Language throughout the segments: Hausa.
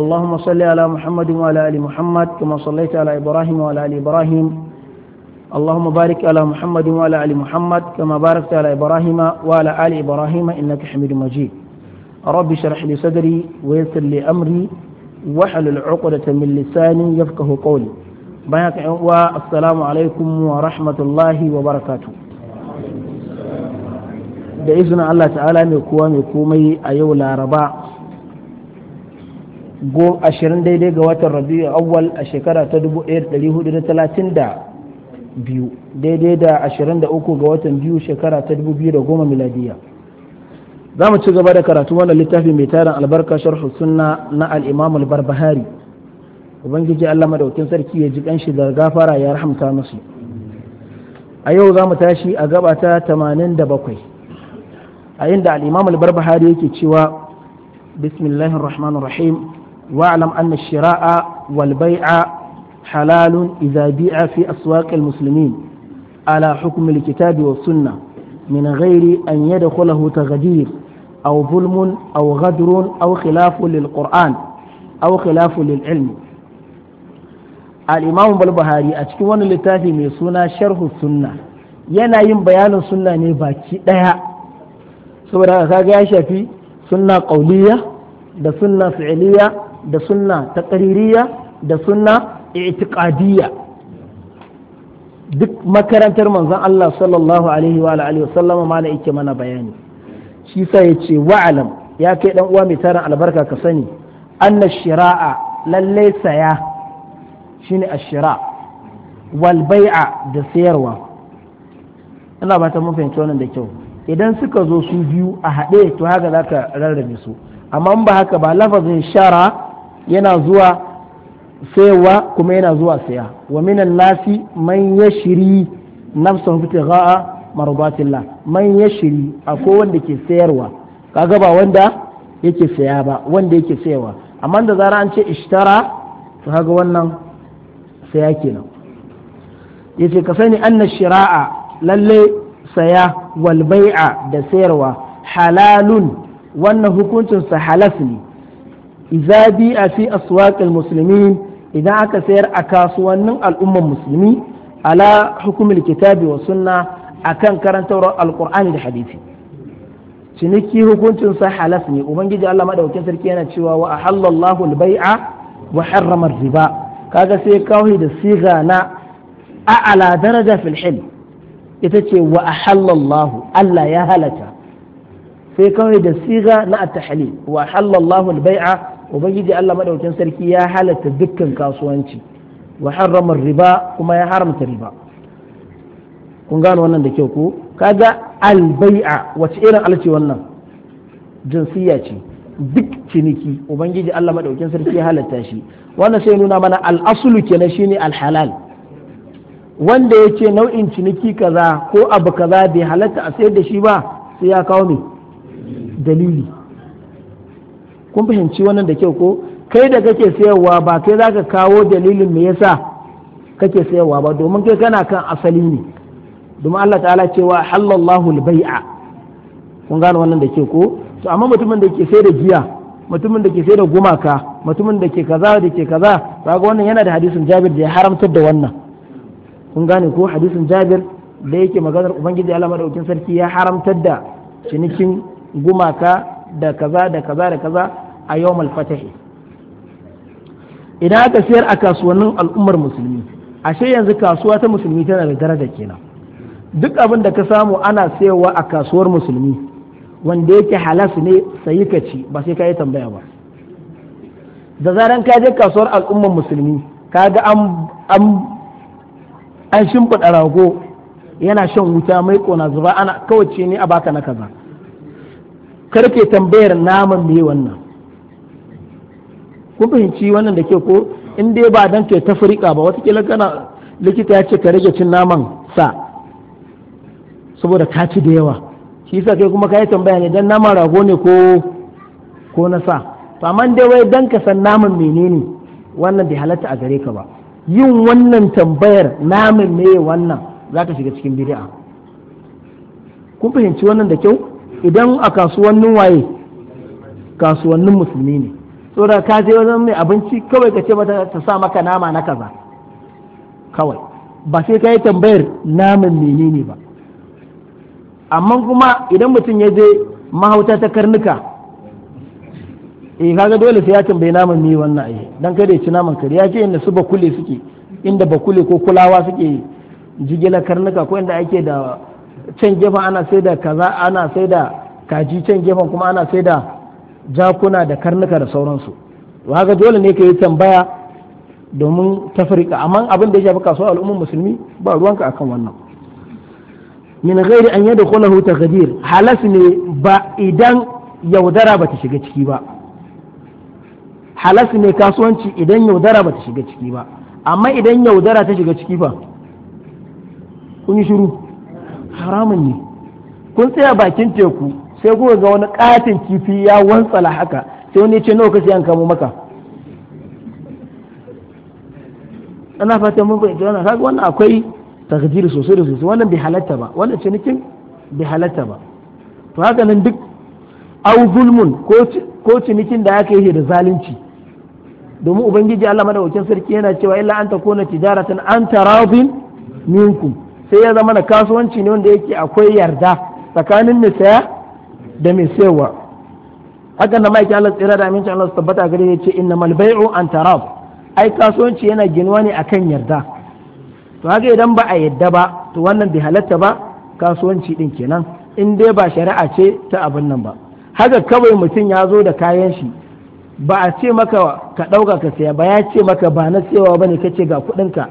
اللهم صل على محمد وعلى ال محمد كما صليت على ابراهيم وعلى ال ابراهيم اللهم بارك على محمد وعلى ال محمد كما باركت على ابراهيم وعلى ال ابراهيم انك حميد مجيد رب اشرح لي صدري ويسر لي امري واحلل عقدة من لساني يفقه قولي بياك والسلام عليكم ورحمة الله وبركاته da izinin Allah ta'ala mai kowa mai komai a yau laraba ashirin daidai ga watan rabi'u awwal a shekara ta dubu da biyu daidai da ashirin da uku ga watan biyu shekara ta dubu biyu da goma miladiya za mu ci gaba da karatu wanda littafi mai tarin albarka sharhu sunna na al'imamul barbahari ubangiji Allah madaukin sarki ya ji kanshi da gafara ya rahamta musu a yau za mu tashi a gaba ta bakwai. a inda al'imamul barbahari yake cewa bismillahir rahmanir rahim واعلم أن الشراء والبيع حلال إذا بيع في أسواق المسلمين على حكم الكتاب والسنة من غير أن يدخله تغدير أو ظلم أو غدر أو خلاف للقرآن أو خلاف للعلم الإمام البهاري أتكون لتافي من سنة شرح السنة yana yin bayanin sunna ne baki ɗaya saboda kaga ya shafi sunna ƙauliya da sunna fi'iliya da sunna ƙaririya da sunna i'tiqadiyya duk makarantar manzon Allah sallallahu alaihi wa alihi wa sallama mala yake mana bayani shi sa yace wa'alam ya kai dan uwa mai albarka ka sani anna shira'a lalle saya shine ashira wal bai'a da sayarwa ina ba ta mun wannan da kyau idan suka zo su biyu a haɗe to haka zaka rarrabe su amma ba haka ba lafazin shara yana zuwa sayarwa kuma yana zuwa saya wa minan nasi man nafsa nafsahu ibtigha'a marbatillah man a akwai wanda ke sayarwa kaga ba wanda yake saya ba wanda yake sayarwa amma da zara an ce ishtara to kaga wannan saya kenan yace ka sani anna shira'a lalle saya wal bai'a da sayarwa halalun wannan hukuncin sa halas ne idza bi'a fi aswaqil muslimin idan aka sayar a kasuwannin al'ummar musulmi ala hukumul kitabi wa sunna akan karantarwar alqur'ani da hadisi ciniki hukuncin sa halas ne ubangiji Allah madaukakin sarki yana cewa wa ahallallahu al-bai'a wa harrama riba kaga sai kawai da siga na a'ala daraja fil hil ita ce wa ahallallahu Allah ya halata sai kawai da siga na at-tahlil wa ahallallahu al-bai'a ubangiji Allah madaukin sarki ya halatta dukkan kasuwanci wa harrama riba kuma ya haramta riba kun gano wannan da kyau ko kaga albai'a wace irin alce wannan jinsiya ce duk ciniki ubangiji Allah madaukin sarki ya halatta shi wannan sai nuna mana al'asulu kenan shine alhalal wanda ya ce nau'in ciniki kaza ko abu kaza bai halatta a sayar da shi ba sai ya kawo ne dalili kun fahimci wannan da kyau ko kai da kake sayarwa ba kai za ka kawo dalilin me yasa kake sayarwa ba domin kai kana kan asali ne domin Allah ta'ala cewa halallahu al-bai'a kun gane wannan da kyau ko to amma mutumin da ke sai da giya mutumin da ke sai da gumaka mutumin da ke kaza da ke kaza kaga wannan yana da hadisin Jabir da ya haramtar da wannan kun gane ko hadisin Jabir da yake maganar ubangiji Allah madaukakin sarki ya haramtar da cinikin gumaka da kaza da kaza da kaza a yawmal fatahi idan aka sayar a kasuwannin al'ummar musulmi ashe yanzu kasuwa ta musulmi tana da daraja kenan duk abin da ka samu ana sayarwa a kasuwar musulmi wanda yake halas ne sayi ka ci ba sai ka yi tambaya ba da zaran ka je kasuwar al'ummar musulmi ka ga an an shimfiɗa rago yana shan wuta mai kona zuba ana kawace ne a baka na kaza karke tambayar naman me wannan Kun fahimci wannan da ke ko in dai ba dan kai tafrika ba wata kila kana likita ya ce ka rage cin naman sa saboda ka ci da yawa shi yasa kai kuma ka yi tambaya ne dan naman rago ne ko ko na sa to amma dai wai dan ka san naman menene wannan bai halatta a gare ka ba yin wannan tambayar naman ne wannan za ka shiga cikin bid'a kun fahimci wannan da kyau idan a kasuwannin waye kasuwannin musulmi ne saboda ka je wajen mai abinci kawai ka ce mata ta sa maka nama na kaza kawai ba sai ka yi tambayar naman menene ba amma kuma idan mutum ya je mahauta ta karnuka eh kaga dole sai ya tambayi naman ne wannan ai dan kada ya ci naman kare ya ce inda su bakule suke inda bakule ko kulawa suke jigilar karnuka ko inda ake da can gefen ana sai kaza ana sai da kaji can gefen kuma ana sai da jakuna da karnuka da sauransu haka dole ne ka yi tambaya domin tafrika amma abin da ya shafi kasuwar al'ummar musulmi ba ruwanka akan wannan min ghairi an yadkhulahu tagdir halas ne ba idan yaudara ba ta shiga ciki ba halas ne kasuwanci idan yaudara ba ta shiga ciki ba amma idan yaudara ta shiga ciki fa kun yi shiru haramun ne kun tsaya bakin teku sai kuma ga wani katin kifi ya wantsala haka sai wani ce nawa kashi an kamo maka ana fatan mun fahimci wannan kaga wannan akwai takdir sosai da sosai wannan bai halatta ba wannan cinikin bai halatta ba to haka nan duk au zulmun ko cinikin da aka yi da zalunci domin ubangiji Allah madaukakin sarki yana cewa illa an takuna tijaratan an taradin minkum sai ya zama na kasuwanci ne wanda yake akwai yarda tsakanin mai saya da mai sayarwa hakan da ma'aikin Allah tsira da aminci Allah su tabbata gare ya ce innamal bai'u an tarab ai kasuwanci yana ginuwa ne akan yarda to haka idan ba a yadda ba to wannan bai halatta ba kasuwanci din kenan in dai ba shari'a ce ta abin nan ba haka kawai mutum ya zo da kayan shi ba a ce maka ka ɗauka ka saya ba ya ce maka ba na sayawa ba ne kace ga kuɗinka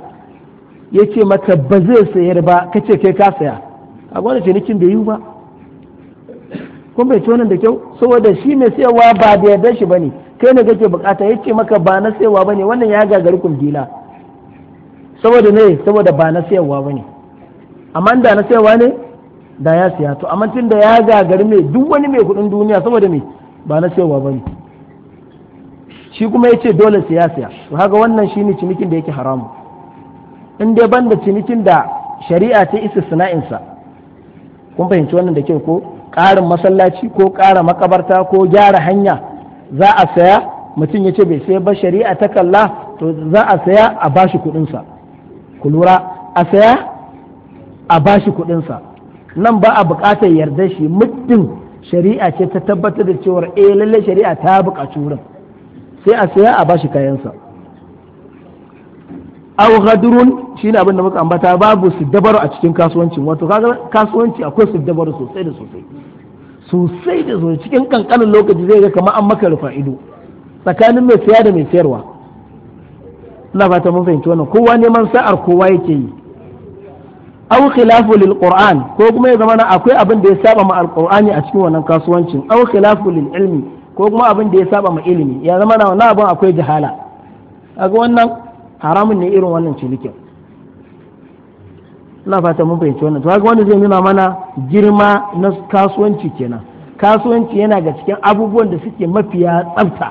ya ce maka ba zai sayar ba kace kai ka saya a gwada cinikin bai yiwu ba kun bai wannan da kyau saboda shi mai sayarwa ba da yarda shi bane kai ne kake bukata yace maka ba na sayarwa bane wannan ya gagari kundila saboda ne saboda ba na sayarwa bane amma da na sayarwa ne da ya siya to amma tun da ya gagari mai duk wani mai kudin duniya saboda me ba na sayarwa bane shi kuma yace dole siya siya to haka wannan shine cinikin da yake haramu in dai banda cinikin da shari'a ta isa sana'insa kun fahimci wannan da kyau ko ƙarin masallaci ko ƙara makabarta ko gyara hanya za a saya mutum ya ce bai sai ba shari'a ta kalla to za a saya a bashi kuɗinsa ku lura a saya a bashi kuɗinsa nan ba a buƙatar yarda shi muddin shari'a ce ta tabbatar da cewar eh lallai shari'a ta buƙaci wurin sai a saya a bashi kayansa aw ghadrun shine abin da muka ambata babu su dabaru a cikin kasuwancin wato kaga kasuwanci akwai su dabaru sosai da sosai sosai da sosai cikin kankanin lokaci zai ga kamar an maka rufa ido tsakanin mai siya da mai sayarwa ina fata mun fahimci wannan kowa neman sa'ar kowa yake yi au khilafu lil qur'an ko kuma ya zama na akwai abin da ya saba ma alqur'ani a cikin wannan kasuwancin au khilafu lil ilmi ko kuma abin da ya saba ma ilimi ya zama na wannan abin akwai jahala kaga wannan haramun ne irin wannan cinikin ina fata mun fahimci wannan to haka wanda zai nuna mana girma na kasuwanci kenan kasuwanci yana ga cikin abubuwan da suke mafiya tsafta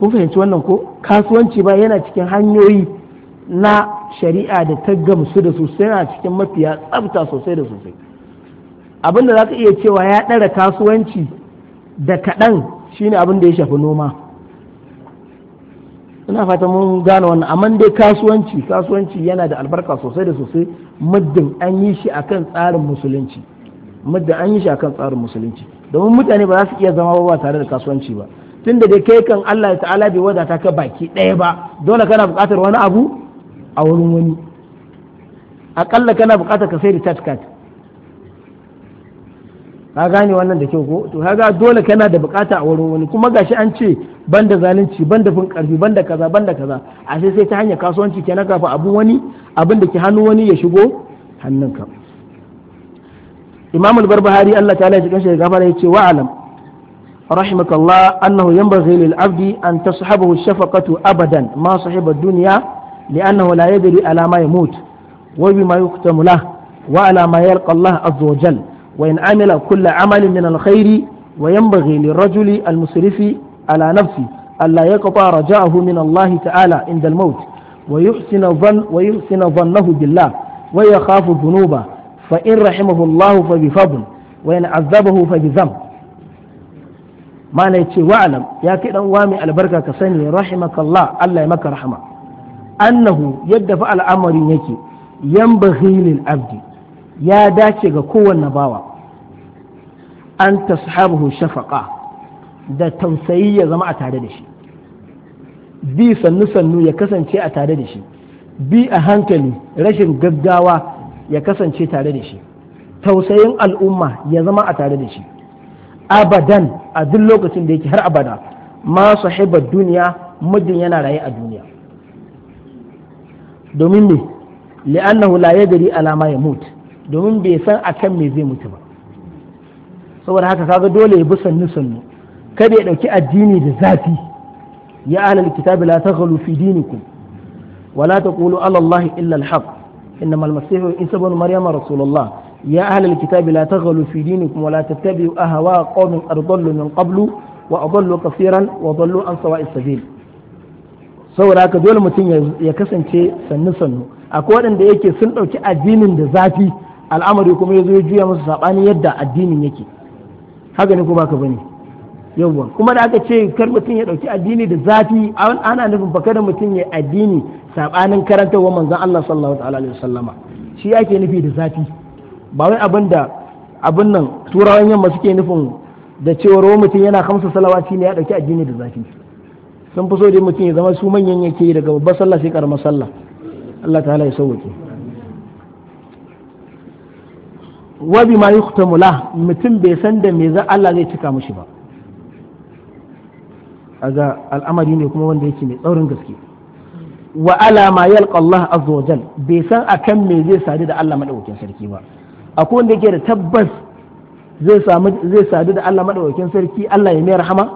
kun fahimci wannan ko kasuwanci ba yana cikin hanyoyi na shari'a da ta gamsu da su yana cikin mafiya tsafta sosai da sosai abinda za ka iya cewa ya ɗara kasuwanci da kaɗan shine abin da ya shafi noma ina fata mun gane wannan amma dai kasuwanci kasuwanci yana da albarka sosai da sosai muddin an yi shi akan tsarin musulunci muddin an yi shi akan tsarin musulunci domin mutane ba za su iya zama ba tare da kasuwanci ba tunda dai kai kan Allah ta'ala bai wadata ka baki ɗaya ba dole kana buƙatar wani abu a wurin wani akalla kana buƙatar ka sai da card ka gane wannan da kyau ko to kaga dole kana da bukata a wurin wani kuma gashi an ce da zalunci da fin karfi da kaza da kaza a sai sai ta hanyar kasuwanci kenan kafa abin wani abin da ke hannu wani ya shigo hannun ka. imamul barbahari Allah ta'ala ya cikin shi gafara yace wa alam rahimakallah annahu yanbaghi lil abdi an tashabahu shafaqatu abadan ma sahiba dunya li'annahu la yadri ala ma yamut wa bima yuktamu lahu wa ala ma yalqa Allah azza وإن عمل كل عمل من الخير وينبغي للرجل المسرف على نفسه ألا يقطع رجاءه من الله تعالى عند الموت ويحسن ظن ويحسن ظنه بالله ويخاف ذنوبه فإن رحمه الله فبفضل وإن عذبه فبذنب ما نيتي واعلم يا كده وامي البركة كسني رحمك الله الله يمك رحمه أنه يدفع الأمر يكي ينبغي للعبد ya dace ga kowanne bawa an tashabuhu shafaqa da tausayi ya zama a tare da shi bi sannu sannu ya kasance a tare da shi bi a hankali rashin gaggawa ya kasance tare da shi tausayin al'umma ya zama a tare da shi abadan a duk lokacin da yake har abada ma sahibar duniya muddin yana raye a duniya domin ne li'annahu la yadri ala ma yamut domin bai san akan me zai mutu ba saboda haka kaga dole ya bi sannu sannu kada ya dauki addini da zafi ya ahlal kitabi la taghalu fi dinikum wa la taqulu ala allahi illa alhaq isa ibn maryama rasulullah ya ahlal kitabi la taghalu fi dinikum wa la tattabi'u ahwa qawmin ardallu min qablu wa adallu kaseeran wa adallu an sawa'is sabil saboda haka dole mutum ya kasance sannu sannu akwai waɗanda yake sun ɗauki addinin da zafi al'amari kuma ya zo ya juya masa saɓani yadda addinin yake haka ne ko baka bane yawwa kuma da aka ce kar mutum ya ɗauki addini da zafi ana nufin fa kada mutum ya addini saɓanin karantarwa manzon Allah sallallahu alaihi wasallama shi ake nufi da zafi ba wai abin da abin nan turawan yamma suke nufin da cewa wa mutum yana kamsa salawaci ne ya ɗauki addini da zafi sun fi so da mutum ya zama su manyan yake daga babbar sallah sai karamar sallah Allah ta'ala ya sauke wa bima yuhtamu lah mutum bai san da me za Allah zai cika mushi ba aga al'amari ne kuma wanda yake mai tsaurin gaske wa ala ma yalqa Allah azza wajal bai san akan me zai sadu da Allah madaukakin sarki ba akwai wanda yake da tabbas zai samu zai sadu da Allah madaukakin sarki Allah ya mai rahama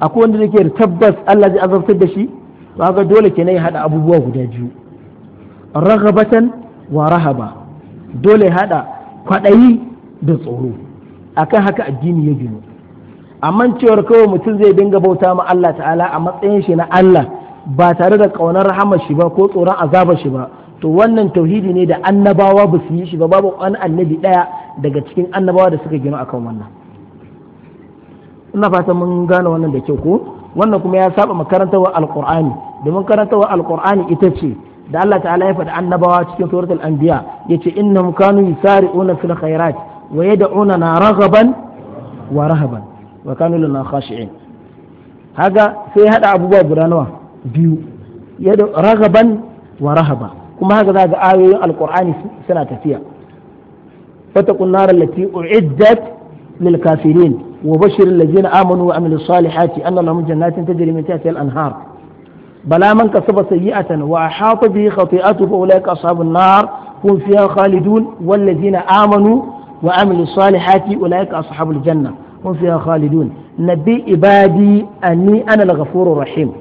akwai wanda yake da tabbas Allah zai azabtar da shi to ga dole kenan ya hada abubuwa guda biyu raghabatan wa rahaba dole hada kwaɗayi da tsoro a kan haka addini ya gino amma cewar kawai mutum zai dinga bauta ma Allah ta'ala a matsayin shi na Allah ba tare da ƙaunar rahama shi ba ko tsoron azaba shi ba to wannan tauhidi ne da annabawa ba su yi shi ba babu wani annabi ɗaya daga cikin annabawa da suka gino akan wannan ina fata mun gane wannan da kyau ko wannan kuma ya saba makarantar alqur'ani domin karantarwa alqur'ani ita ce da Allah ta'ala ya faɗi annabawa cikin suratul anbiya yace innahum kanu yusari'una fil khairat wa yad'una na raghaban wa rahaban wa kanu lana khashi'in haga sai hada abubuwa guda nawa biyu yadu raghaban wa rahaba kuma haka za ga ayoyin alqur'ani suna tafiya fatakun narar lati uiddat lil kafirin wa bashiril ladzina amanu wa amilus salihati anna lahum jannatin tajri min tahtiha al anhar بلا من كسب سيئة وأحاط به خطيئته فأولئك أصحاب النار هم فيها خالدون والذين آمنوا وعملوا الصالحات أولئك أصحاب الجنة هم فيها خالدون نبي عبادي أني أنا الغفور الرحيم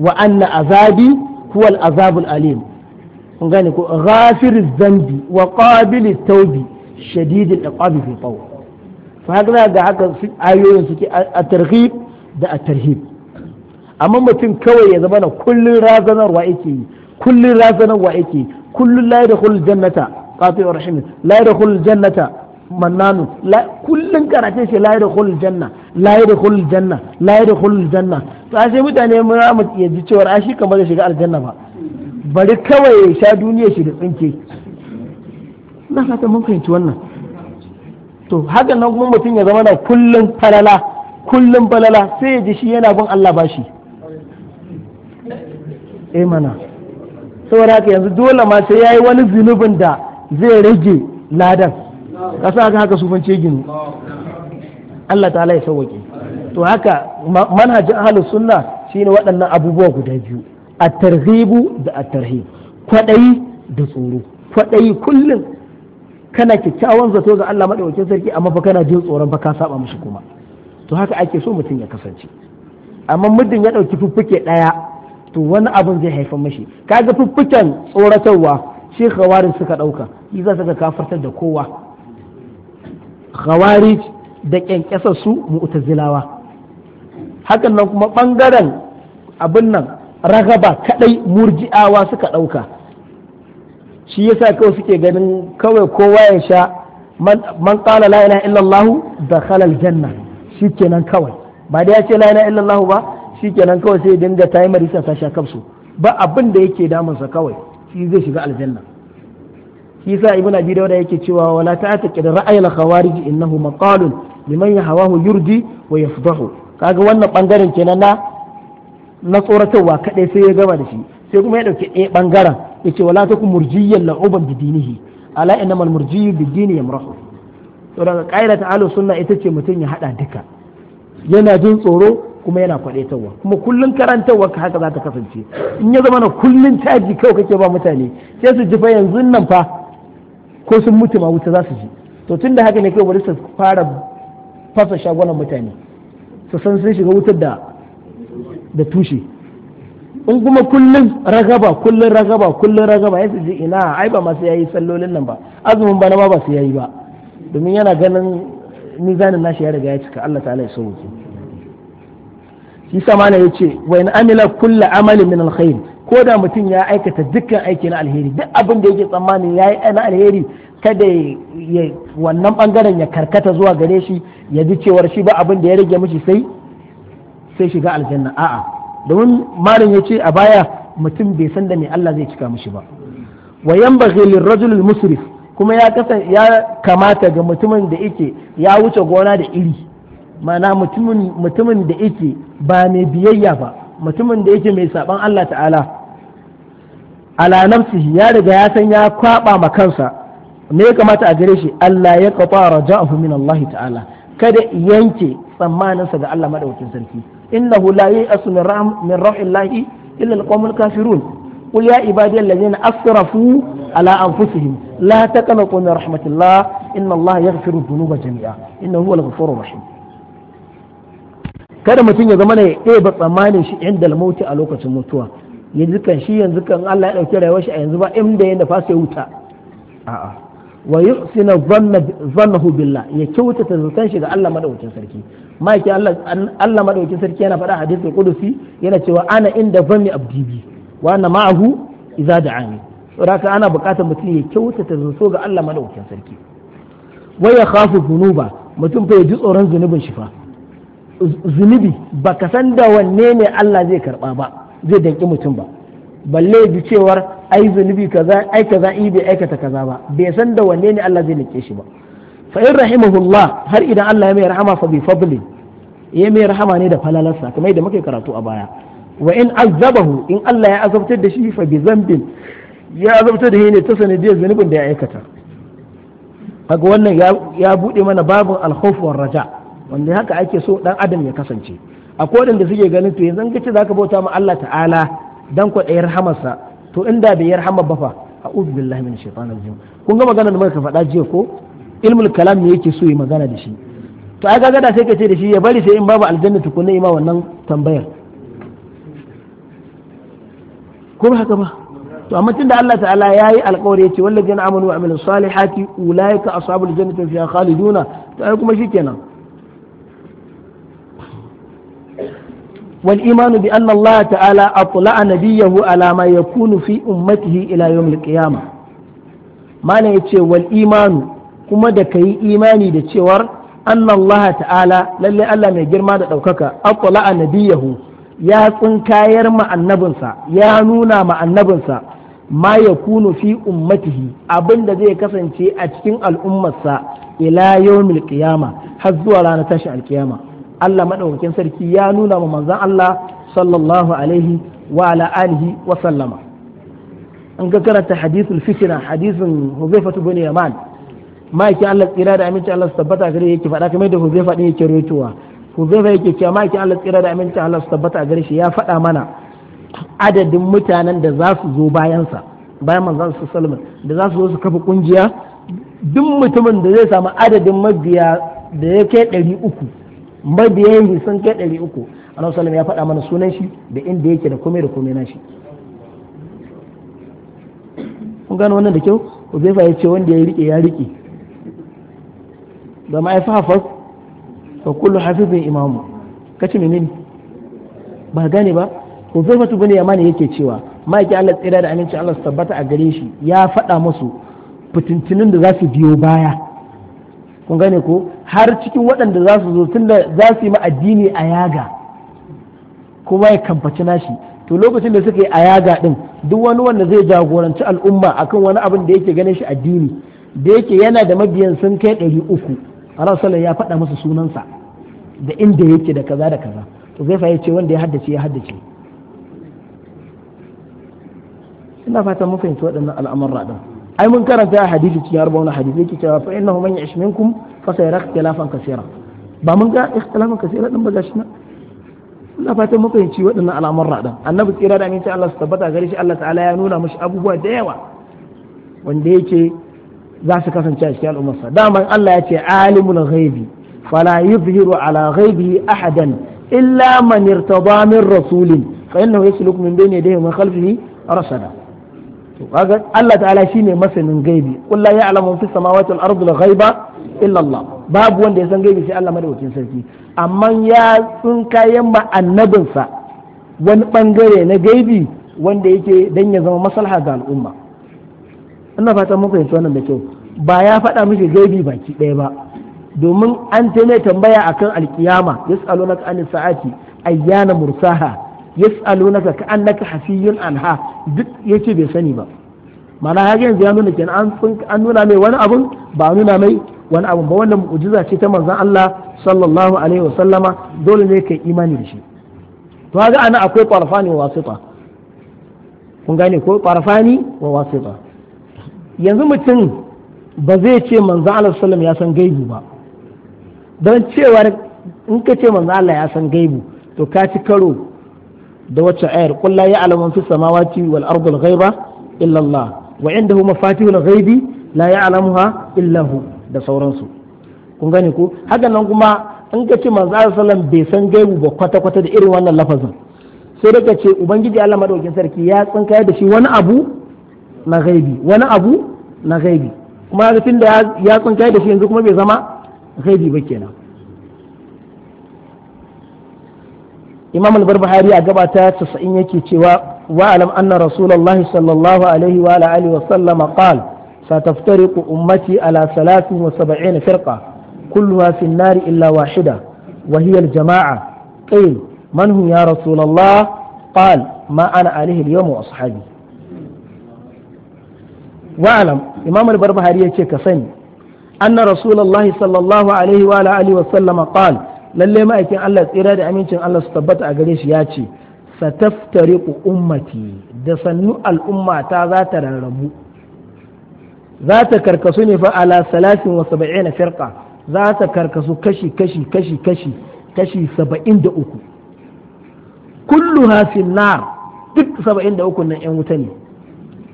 وأن عذابي هو العذاب الأليم غافر الذنب وقابل التوب شديد العقاب في الطول فهكذا هكذا آيوين الترغيب ده الترهيب amma mutum kawai ya zama na kullun razanarwa yake yi kullun razanarwa yake kullun la yadkhul jannata qati'ur rahim la yadkhul jannata mannanu kullun karate shi la yadkhul janna la yadkhul janna la yadkhul janna to sai mutane mu ya ji cewa a shi kamar shiga aljanna ba bari kawai ya sha duniya shi da tsinke na fata mun fahimci wannan to haka nan kuma mutum ya zama na kullun falala kullun falala sai ya ji shi yana bin Allah bashi Eh, mana saboda haka yanzu dole ma sai ya yi wani zunubin da zai rage ladan ka haka haka sufance gini Allah ta'ala ya sauwake to haka manhajin ahlus sunna shine waɗannan abubuwa guda biyu at-tarhibu da at-tarhib kwadayi da tsoro kwaɗayi kullum kana kyakkyawan zato ga Allah madaukakin sarki amma fa kana jin tsoron fa ka saba mishi kuma to haka ake so mutum ya kasance amma muddin ya ɗauki fuffuke ɗaya. to wani abun zai haifar mashi ka ga fuffuken tsoratarwa shi khawarij suka dauka shi za su ga kafartar da kowa khawarij da kyankyasar su mu'tazilawa hakan nan kuma bangaren abin nan ragaba kadai murji'awa suka dauka shi yasa kawai suke ganin kawai kowa ya sha man qala la da illallah janna shi kenan kawai ba da ya ce la ilaha illallah ba shikenan kawai sai dinga yi marisa sa sha kafsu ba abin da yake damun sa kawai shi zai shiga aljanna shi sa ibn abi dawuda yake cewa wala ta'taqid ra'ayil khawarij innahu maqalun liman yahawahu yurdi wa yafdahu kaga wannan bangaren kenan na na tsoratarwa kadai sai ya gama da shi sai kuma ya dauke a bangaren yace wala takum murjiyyan la'uban bidinihi ala innamal murjiyyu bidini yamrahu to daga qaila ta'alu sunna ita ce mutum ya hada duka yana jin tsoro kuma yana kwadaitarwa kuma kullum karantarwa ka haka za ta kasance in ya zama na kullun caji kawai kake ba mutane sai su ji fa yanzu nan fa ko sun mutu ma wuta za su ji to tun da haka ne kai bari su fara fasa shagunan mutane su san sun shiga wutar da da tushe in kuma kullum ragaba kullum ragaba kullum ragaba ya su ji ina ai ba masu yayi sallolin nan ba azumin bana ma ba su yayi ba domin yana ganin mizanin nashi ya riga ya cika Allah ta'ala ya sauke shi sama ya ce wa in amila kullu amalin min alkhair ko da mutum ya aikata dukkan aiki na alheri duk abin da yake tsammanin yayi na alheri kada ya wannan bangaren ya karkata zuwa gare shi ya ji cewar shi ba abin da ya rage mishi sai sai shiga aljanna a'a domin marin yace a baya mutum bai san da me Allah zai cika mishi ba wa yanbaghi lirrajul musrif kuma ya ya kamata ga mutumin da yake ya wuce gona da iri mana mutumin da yake ba mai biyayya ba mutumin da yake mai saban Allah ta'ala ala nafsihi ya riga ya san ya kwaba ma kansa me ya kamata a gare shi Allah ya kafa raja'ahu min Allah ta'ala kada yanke tsammaninsa ga Allah madaukakin sarki innahu la ya'asu min rahmillahi illa alqawmul kafirun qul ya ibadiy alladhina asrafu ala anfusihim la taqnatu rahmatullah rahmatillah inna Allah yaghfiru dhunuba jami'a innahu huwal ghafurur rahim kada mutum ya zama ne ya ba tsammanin shi inda mauti a lokacin mutuwa yanzu kan shi yanzu kan Allah ya ɗauki rayuwar shi a yanzu ba inda yanda fa sai wuta a'a wa yuhsina dhanna billah ya kyautata zaton shi ga Allah madaukakin sarki maki Allah Allah sarki yana faɗa da qudusi yana cewa ana inda zanni abdi bi wa ana ma'ahu idza da'ani saboda ana buƙatar mutum ya kyautata zato ga Allah madaukakin sarki wa ya khafu dhunuba mutum fa ya ji tsoron zunubin shi fa zunubi baka san da wanne ne Allah zai karba ba zai danki mutum ba balle bi cewar ai zunubi kaza ai kaza in bai aikata kaza ba bai san da wanne ne Allah zai nake shi ba fa in rahimahullah har idan Allah ya mai rahama fa bi fadli ya mai rahama ne da falalarsa kamar yadda muke karatu a baya wa in azabahu in Allah ya azabtar da shi fa bi zambin ya azabtar da shi ne ta sanadiyar zunubin da ya aikata kaga wannan ya bude mana babin alkhawf war raja' wanda haka ake so dan adam ya kasance a kodin da suke ganin to yanzu kace zaka bauta ma Allah ta'ala dan ku yar hamarsa to inda bai yar hamar ba fa a'udhu billahi minash shaitanir rajim kun ga magana da muka faɗa jiya ko ilmul kalam ne yake so yi magana da shi to ai kaga da sai kace da shi ya bari sai in babu aljanna tukunna ima wannan tambayar ko ba haka ba to amma tunda Allah ta'ala yayi alƙawari yace wallazina amanu wa amilus salihati ulaika ashabul jannati fiha khaliduna to ai kuma shikenan والإيمان بأن الله تعالى أطلع نبيه على ما يكون في أمته إلى يوم القيامة ما نيتشي والإيمان كما دكي إيماني دتشور أن الله تعالى للي ألا من جرما دوكك أطلع نبيه يا تنكاير مع النبنسا يا نونا مع النبنسا ما يكون في أمته أبن ذي كسنتي أتكين الأمة إلى يوم القيامة حزوا لا نتشع القيامة Allah maɗaukakin sarki ya nuna ma manzan Allah sallallahu alaihi wa ala alihi wa sallama an ga karanta hadithul fitna hadithin Huzaifa ibn Yaman ma'aikin Allah tsira da aminci Allah su tabbata gare yake faɗa kamar da Huzaifa din yake rawaitowa Huzaifa yake cewa ma'aikin Allah tsira da aminci Allah su tabbata gare shi ya faɗa mana adadin mutanen da za su zo bayansa bayan manzon sallallahu da za su zo su kafa kungiya duk mutumin da zai samu adadin mabiya da ya kai ɗari uku mabiyan shi sun kai ɗari uku annabi sallam ya faɗa mana sunan shi da inda yake da komai da komai nashi kun gano wannan da kyau Uzaifa ya ce wanda ya rike ya rike da ma fa hafaz fa kullu hafizin imamu kace menene ba gane ba Uzaifa tu bane yamani yake cewa ma'aikin Allah tsira da aminci Allah su tabbata a gare shi ya faɗa musu fitintinin da za su biyo baya kun gane ko har cikin waɗanda za su zo tunda za su yi ma addini a yaga kuma ya kamfaci nashi to lokacin da suka yi a yaga din duk wani wanda zai jagoranci al'umma akan wani abin da yake ganin shi addini da yake yana da mabiyan sun kai ɗari uku rasulullah ya faɗa masa sunansa da inda yake da kaza da kaza to zai fa ce wanda ya haddace ya haddace ina fatan mun fahimci waɗannan al'amuran din ai mun karanta hadisi cikin wani hadisi yake cewa fa innahu man ya'ish minkum fa sayara ikhtilafan kaseera ba mun ga ikhtilafan kaseera din ba gashi na Allah fatan mu fahimci waɗannan al'amuran din annabi tsira da aminci Allah su tabbata gare shi Allah ta'ala ya nuna mashi abubuwa da yawa wanda yake za su kasance a cikin al'ummarsa daman Allah ya ce alimul ghaibi fala yuzhiru ala ghaibihi ahadan illa man irtada min rasulin fa innahu yasluku min bayni yadayhi wa min khalfihi rasada to kaga Allah ta'ala shine masanin gaibi qul la ya'lamu fi samawati wal ardi ghaiba illa Allah babu wanda ya san gaibi sai Allah madaukakin sarki amma ya sun kayan ma sa wani bangare na gaibi wanda yake dan ya zama maslaha ga al'umma ina fata mun fahimci wannan da kyau ba ya faɗa miki gaibi baki ɗaya ba domin an ta tambaya akan alkiyama yas'alunaka anis sa'ati ayyana mursaha yas'alunaka ka'annaka hasiyun anha duk ya ce bai sani ba mana ya yanzu ya nuna kenan an nuna mai wani abun ba a nuna mai wani abun ba wannan mu'jiza ce ta manzon Allah sallallahu alaihi wa sallama dole ne kai imani da shi to haka ana akwai qarfani wa wasita kun gane ko qarfani wa wasita yanzu mutum ba zai ce manzon Allah sallallahu ya san gaibu ba don cewa in ka ce manzon Allah ya san gaibu to ka ci karo da wacce ayar qul la ya'lamu fi samawati wal ardi al ghaiba illa Allah wa indahu mafatihul ghaibi la ya'lamuha illa hu da sauransu kun gane ko haka nan kuma an kace ce manzo Allah sallam bai san gaibu ba kwata kwata da irin wannan lafazin sai daga ce ubangiji Allah madaukakin sarki ya tsinkayar da shi wani abu na ghaibi, wani abu na ghaibi. kuma ga tunda ya tsinka da shi yanzu kuma bai zama ghaibi ba kenan imam al-barbahari a gabata ta 90 yake cewa wa alam anna rasulullahi sallallahu alaihi wa alihi wa sallama qala satafariqu ummati ala 73 firqa kulluha fi an-nar illa wahida wa hiya al-jama'a qil man hum ya rasulullah qal ma ana alaihi al-yawm wa ashabi wa alam imam al-barbahari yace ka sani anna rasulullahi sallallahu alaihi wa alihi wa sallama qala lalle ma'aikin Allah tsira da amincin Allah su tabbata a gare shi ya ce sataftariqu ummati da sannu al'umma ta za ta rarrabu za ta karkasu ne fa ala salasin wa saba'ina firqa za ta karkasu kashi kashi kashi kashi kashi saba'in da uku kulluha fin nar duk saba'in da uku nan yan wuta ne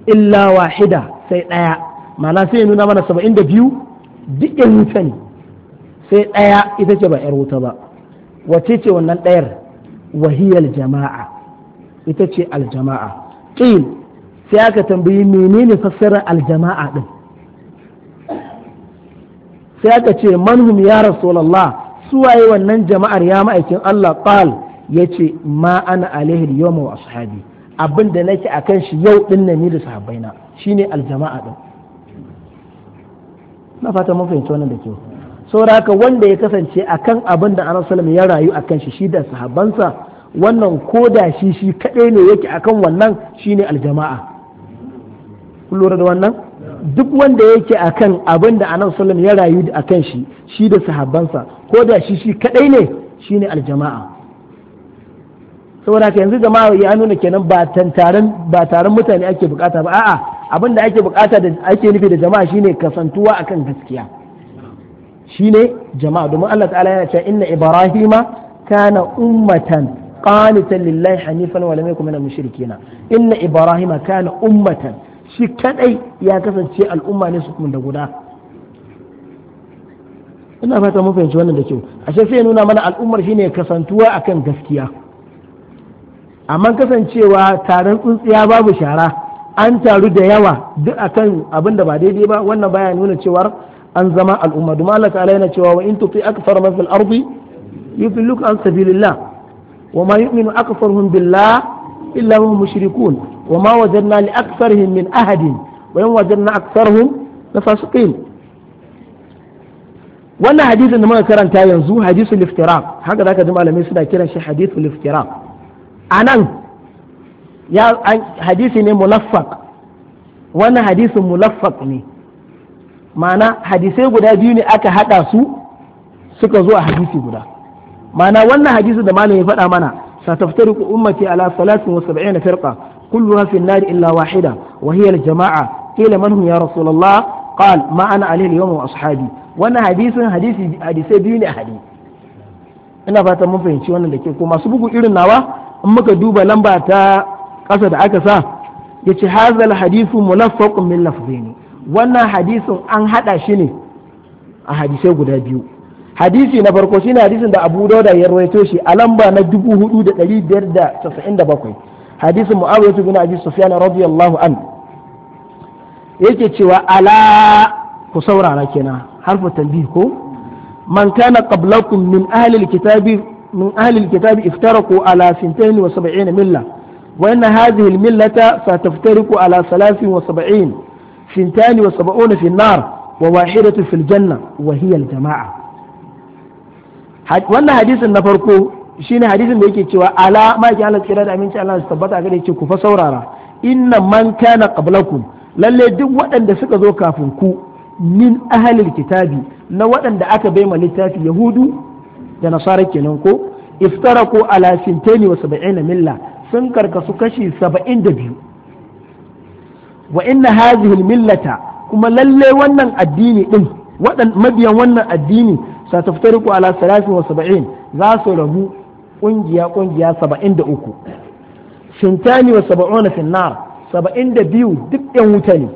illa wahida sai ɗaya ma'ana sai ya nuna mana saba'in da biyu duk yan wuta ne sai ɗaya ita ce ba 'yar wuta ba wace ce wannan ɗayar wahiyar jama'a ita ce aljama'a ƙil sai aka tambayi menene fassarar aljama'a ɗin sai aka ce manhum ya rasulallah suwaye wannan jama'ar ya ma'aikin Allah qal ya ce ma ana alaihi yawma wa ashabi abin da nake kan shi yau ɗin na ni da sahabbaina shine aljama'a ɗin na fata mun fahimci wannan da ke? sauraka wanda ya kasance a kan abin da annabi ya rayu kan shi shi da sahabansa wannan ko da shi shi kadai ne yake akan wannan shine aljama'a kun lura da wannan duk wanda yake akan abin da annabi ya rayu kan shi shi da sahabansa ko da shi shi kadai ne shine aljama'a saboda haka yanzu jama'a ya nuna kenan ba taron ba taron mutane ake bukata ba a'a abin da ake bukata da ake nufi da jama'a shine kasantuwa akan gaskiya shine jama'a domin Allah ta'ala yana cewa inna ibrahima kana ummatan qanitan lillahi hanifan wa lam yakun minal mushrikeen inna ibrahima kana ummatan shi kadai ya kasance al'umma ne su kuma da guda ina fata mun fahimci wannan da kyau ashe sai nuna mana al'ummar shine kasantuwa akan gaskiya amma kasancewa taron tsuntsiya babu shara an taru da yawa duk akan abin da ba daidai ba wannan baya nuna cewar an zama al'umma duma Allah ta'ala yana cewa wa in tuti akthar man fil ardi yudilluka an sabilillah wa ma yu'minu aktharuhum billah illa hum mushrikun wa ma wajadna li aktharihim min ahadin wa in wajadna aktharuhum lafasiqin wannan hadisin da muka karanta yanzu hadisul iftiraq haka zaka ji malamai suna kiran shi hadisul iftiraq anan ya hadisi ne mulaffaq wannan hadisin mulaffaq ne ma'ana hadisai guda biyu ne aka haɗa su suka zo a hadisi guda ma'ana wannan hadisi da malam ya faɗa mana ستفترق أمتي على ثلاث وسبعين فرقة كلها da النار إلا واحدة jama'a الجماعة قيل من هم يا رسول الله قال ما أنا عليه اليوم وأصحابي wannan hadisin hadisi hadisai biyu ne a hadisi ina fatan mun fahimci wannan da ke ko masu bugu irin nawa in muka duba lamba ta ƙasa da aka sa yace hazal hadithu mulaffaqun min lafzaini wannan hadisin an hada shi ne a hadisai guda biyu hadisi na farko shine hadisin da Abu Dawud ya rawaito shi a lamba na 4597 hadisin Muawiyah bin Abi Sufyan radiyallahu an yake cewa ala ku saurara kenan harfu tambayi ko man kana qablakum min ahli alkitabi من أهل الكتاب افترقوا على 72 ملة وإن هذه الملة ستفترق على 73 sintani wa saba'una fi wa wahidatu fil janna wa jama'a wannan hadisin na farko shi ne hadisin da yake cewa ala ma ki da abinci Allah su tabbata ga yake ku fa saurara inna man kana qablakum lallai duk waɗanda suka zo kafin ku min ahlil kitabi na waɗanda aka bai ma littafi yahudu da nasara kenan ko iftaraku ala sintani wa saba'ina milla sun karkasu kashi saba'in da biyu wa inna hadhihi millata kuma lalle wannan addini din waɗan mabiyan wannan addini sataftariqu ala 73 za su rabu kungiya kungiya 73 shintani wa 70 fi nar 72 duk yan wuta ne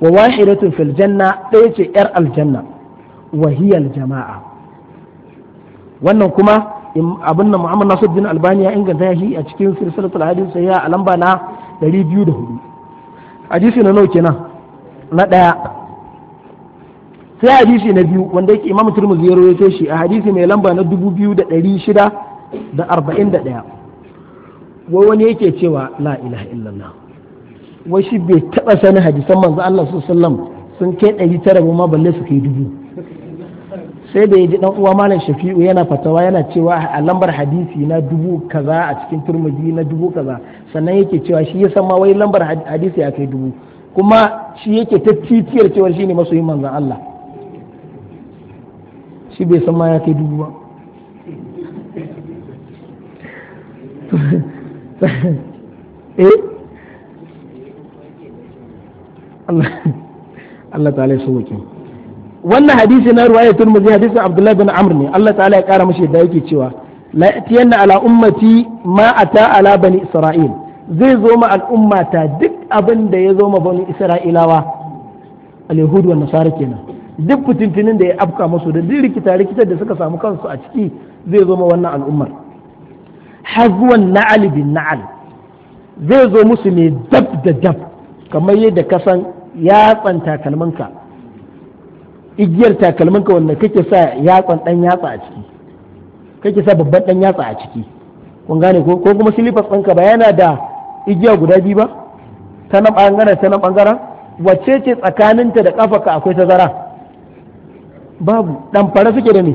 wa wahidatun fil janna ɗaya ce yar aljanna wa hiya jama'a wannan kuma abin nan Muhammad Nasiruddin Albani ya inganta shi a cikin silsilatul hadith sai ya a lamba na 204 hadisi na nauke nan na ɗaya sai hadisi na biyu wanda yake imam turmuzi ya rawaito shi a hadisi mai lamba na dubu biyu da ɗari shida da arba'in da ɗaya wai wani yake cewa la ilaha illallah wai shi bai taɓa sani hadisan manzo Allah sallallahu sun kai ɗari tara ma balle su kai dubu sai da ya ji dan uwa malam shafi'u yana fatawa yana cewa a lambar hadisi na dubu kaza a cikin turmudi na dubu kaza sannan yake cewa shi ya san ma wai lambar hadisi ya kai dubu kuma shi yake ta titiyar cewa masu yi manzan Allah shi bai san ma ya kai dubu ba eh Allah ta ya sauke wannan hadisi na ruwayatul turmuzi hadisi Abdullahi bin Amr ne Allah ta'ala ya kara mashi da yake cewa la yatiyanna ala ummati ma ata ala bani isra'il zai zo ma al'ummata duk abin da ya zo ma bani isra'ilawa al-yahud wa nasara kenan duk fitintinin da ya afka musu da duk rikita rikita da suka samu kansu a ciki zai zo ma wannan al'ummar hazwan na'al bin na'al zai zo musu ne dab da dab kamar yadda ka san yatsan takalminka igiyar takalminka wanda kake sa yatsan dan yatsa a ciki kai ki sa babban dan yatsa a ciki kun gane ko ko kuma silifas ɗinka ba yana da igiya guda biyu ba ta nan bangaren ta nan bangaren wacce ce tsakaninta da kafarka akwai tazara babu dan fara suke da ni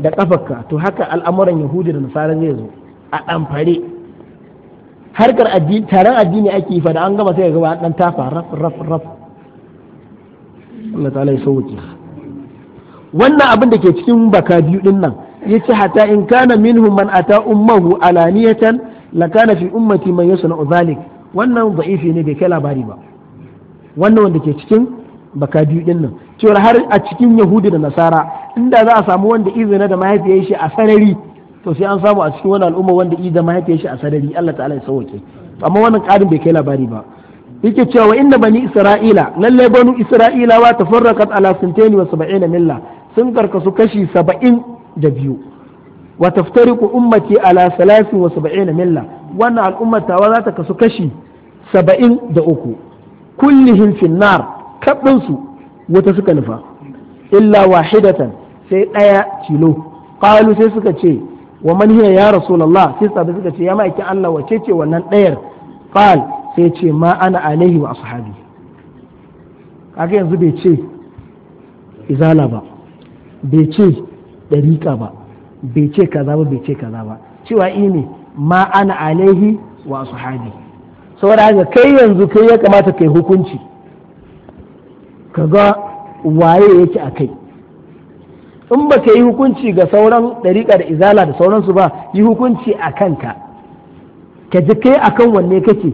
da kafarka to haka al'amuran yahudi da nasara zai zo a dan fare harkar addini taron addini ake yi fa da an gama sai ga gaba dan tafa raf raf raf Allah ta'ala ya sauke wannan abin da ke cikin baka biyu din nan yace hatta in kana minhum man ata ummahu alaniyatan lakana fi ummati man yasna'u dhalik wannan da'ifi ne bai kai labari ba wannan wanda ke cikin baka biyu din nan cewar har a cikin yahudi da nasara inda za a samu wanda izina da mahaifiyar shi a sarari to sai an samu a cikin wani al'umma wanda izina mahaifiyar shi a sarari Allah ta'ala ya sauke amma wannan ƙarin bai kai labari ba yake cewa inda bani isra'ila lalle banu isra'ila isra'ilawa tafarraqat ala 72 milla sun karkasu kashi saba'in. da biyu wa taftariqu ummati ala 73 milla wannan al'ummata wa za ta kasu kashi saba'in da uku kullihim finnar kabdin su wata suka nufa illa wahidatan sai ɗaya tilo ƙalu sai suka ce wa man hiya ya rasulullah sai sabu suka ce ya ma'aikin Allah wace ce wannan ɗayar qal sai ce ma ana alaihi wa ashabi kaga yanzu bai ce izala ba bai ce ɗariƙa ba bai ce kaza ba bai ce kaza ba cewa ini eh ma ana alaihi wa sahabi saboda haka kai yanzu kai ya kamata kai hukunci kaga waye yake a kai in ba ka yi hukunci ga sauran ɗariƙa da izala da sauransu ba yi hukunci a kanka ka ji kai a kan wanne kake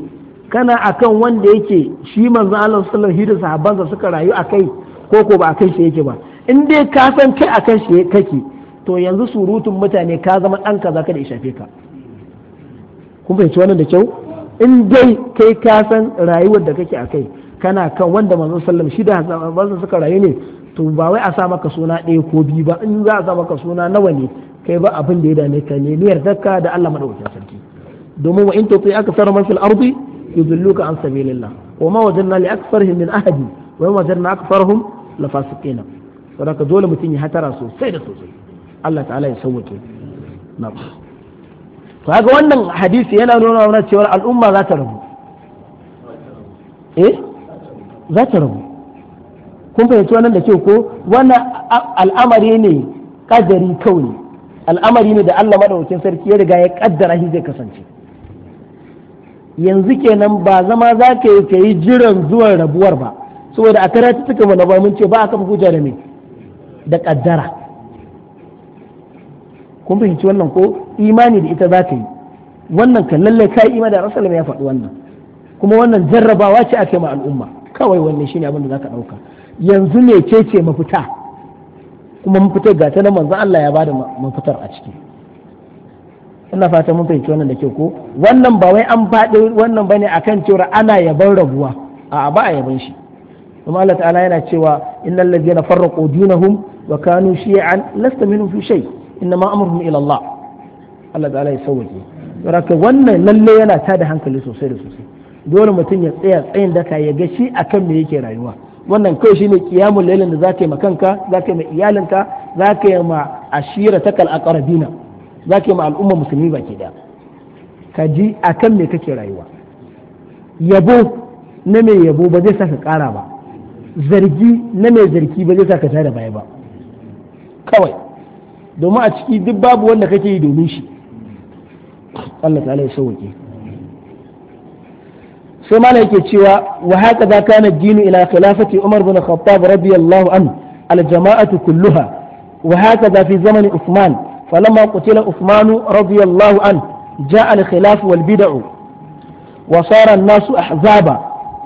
kana a kan wanda yake shi manzo Allah sallallahu alaihi wasallam da sahabban suka rayu akai ko ko ba kai shi yake ba in dai ka san kai a kan shi kake to yanzu surutun mutane ka zama ɗan kaza ka da ya shafe ka kun fahimci wannan da kyau in dai kai ka san rayuwar da kake a kai kana kan wanda manzon sallam shi da manzon suka rayu ne to ba wai a sa maka suna ɗaya ko biyu ba in za a sa maka suna nawa ne kai ba abin da ya dame ka ne niyyar dakka da Allah madaukakin sarki domin wa in tuti aksar man fil ardi yudilluka an sabilillah wa ma wajanna li aksarihim min ahadi wa ma wajanna akfarhum la fasiqina saboda dole mutum ya hatara sosai da sosai Allah ta'ala ya sauwake ba. to haka wannan hadisi yana nuna mana cewa al'umma za ta rabu eh za ta rabu kun fahimci wannan da ke ko wannan al'amari ne kadari kawai al'amari ne da Allah madaukakin sarki ya riga ya kaddara shi zai kasance yanzu kenan ba zama za ka yi jiran zuwan rabuwar ba saboda a karatu suka mana ba mun ce ba a kafa hujja da mai da kaddara kun fahimci wannan ko imani da ita za ta yi wannan kan lallai kai imani da rasulullah ya faɗi wannan kuma wannan jarrabawa ce a ma al'umma kawai wannan shine abin da za ka ɗauka yanzu ne mafita kuma mafitar ga ta na manzo Allah ya bada mafitar a ciki ina fata mun fahimci wannan da ke ko wannan ba wai an faɗi wannan bane akan cewa ana yaban rabuwa a'a ba a yaban shi kuma Allah ta'ala yana cewa innal ladzina farraqu dinahum wa kanu shi'an lasta minhum fi shay innama amruhum ila Allah Allah ta'ala ya sauke wannan lalle yana ta da hankali sosai da sosai dole mutum ya tsaya tsayin daka ya ga shi akan me yake rayuwa wannan kai shine qiyamul lailin da zaka yi ma kanka zaka yi ma iyalinka zaka yi ma ashiratakal aqrabina zaka yi ma al'umma musulmi baki daya ka ji akan me kake rayuwa yabo na mai yabo ba zai sa ka kara ba zargi na mai zargi ba zai sa ka tada baya ba kawai domin a ciki duk babu wanda kake yi domin shi Allah ta'ala ya sai mala yake cewa wa haka za kana dinu ila khilafati Umar bin Khattab radiyallahu anhu al jama'atu kulluha wa haka za fi zamanin Uthman falamma qutila Uthman radiyallahu anhu جاء الخلاف والبدع وصار الناس أحزابا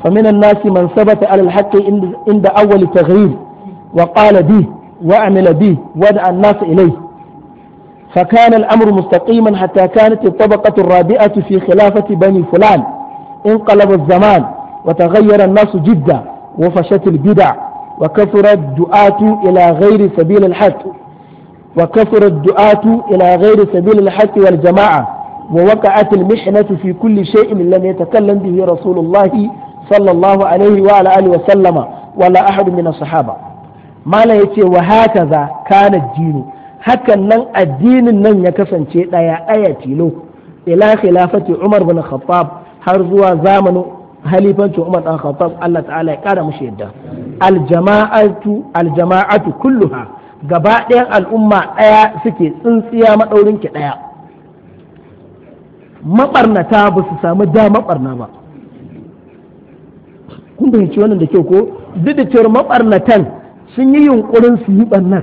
فمن الناس من ثبت على الحق عند أول تغريب وقال به وعمل به ودعا الناس إليه فكان الأمر مستقيما حتى كانت الطبقة الرابعة في خلافة بني فلان انقلب الزمان وتغير الناس جدا وفشت البدع وكثر الدعاة إلى غير سبيل الحق وكثر الدعاة إلى غير سبيل الحق والجماعة ووقعت المحنة في كل شيء لم يتكلم به رسول الله صلى الله عليه وعلى آله وسلم ولا أحد من الصحابة malam ce wa za kana dinu hakan nan addinin nan ya kasance ɗaya ɗaya tilo ila khilafati Umar bin Khattab har zuwa zamanin halifancin Umar bin Khattab Allah ta'ala ya kara mushi yadda aljama'atu jama'atu kulluha gaba ɗayan al'umma ɗaya suke tsintsiya maɗaurin ki ɗaya maɓarnata ba su samu da mabarna ba kun fahimci wannan da kyau ko duk da maɓarnatan sun yi yunkurin su yi ɓannan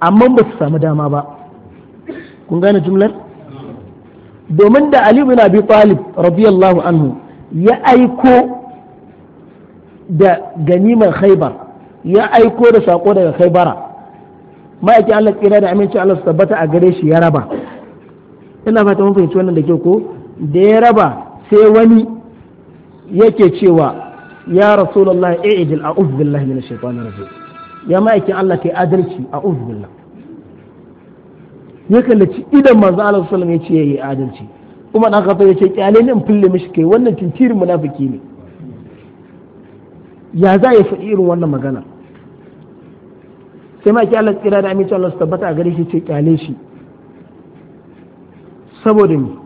amma ba su samu dama ba kun gane jumlar domin da Ali bin Abi Talib radiyallahu anhu ya aiko da ganimar Khaibar ya aiko da sako daga Khaibara ma'aikin Allah kira da aminci Allah su tabbata a gare shi ya raba ina fata mun fahimci wannan da ke ko da ya raba sai wani yake cewa ya rasulullah i'dil a'udhu billahi minash shaitanir rajim ya ma'aikin Allah kai adalci a'udhu billah ya kallaci idan manzo Allah sallallahu alaihi wasallam yace yayi adalci kuma dan kafa yace kyale ne in fille mishi kai wannan tintirin munafiki ne ya za ya faɗi irin wannan magana sai ma'aikin Allah tsira da aminci Allah su tabbata a gare shi ce kyale shi saboda mu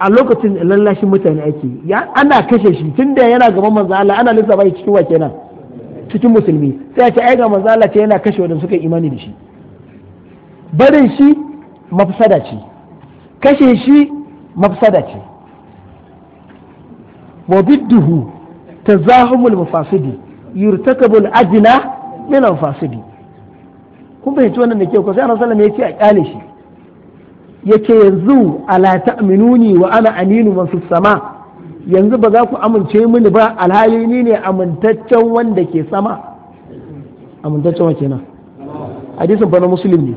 a lokacin lallashin mutane ake ya ana kashe shi tun da yana gaban manzo Allah ana lissafa shi cikin wake nan cikin musulmi sai a ce ai ga manzo ce yana kashe wanda suka imani da shi barin shi mafsada ce kashe shi mafsada ce wa bidduhu tazahumul mufasidi yurtakabul ajna min al-fasidi kun fahimci wannan da ke ko sai Annabi sallallahu alaihi wasallam ya ce a kyale shi yace yanzu ala ta'minuni wa ana aminu man fis sama yanzu ba za ku amince mini ba alhali ni ne amintaccen wanda ke sama amintaccen wa kenan hadisin na muslim ne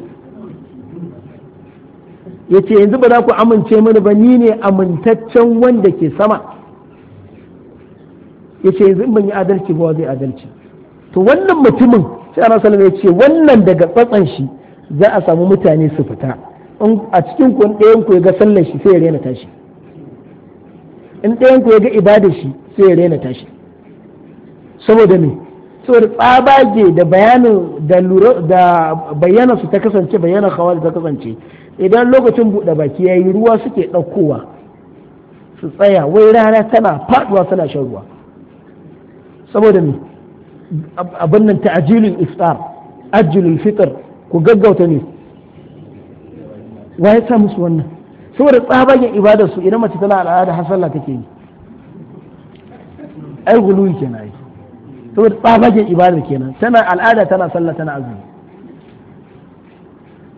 yace yanzu ba za ku amince mini ba ni ne amintaccen wanda ke sama yace yanzu ban yi adalci ba zai adalci to wannan mutumin sai ana sallama yace wannan daga tsatsan shi za a samu mutane su fita a cikin kun ɗayan ku ya ga sallar shi sai ya rena tashi in ɗayan ku ya ga ibadar shi sai ya rena tashi saboda me saboda tsabage da bayanin da lura da bayyana su ta kasance bayyana khawal ta kasance idan lokacin buɗe baki yayi ruwa suke ɗaukowa su tsaya wai rana tana faduwa suna shan ruwa saboda me abin nan ta'jilul iftar ajilul fitr ku gaggauta ne wa ya sa musu wannan saboda tsabagen ibadar su idan mace tana al'ada har sallah take yi ai guluwi kenan yi saboda tsabagen ibadar kenan tana al'ada tana sallah tana azumi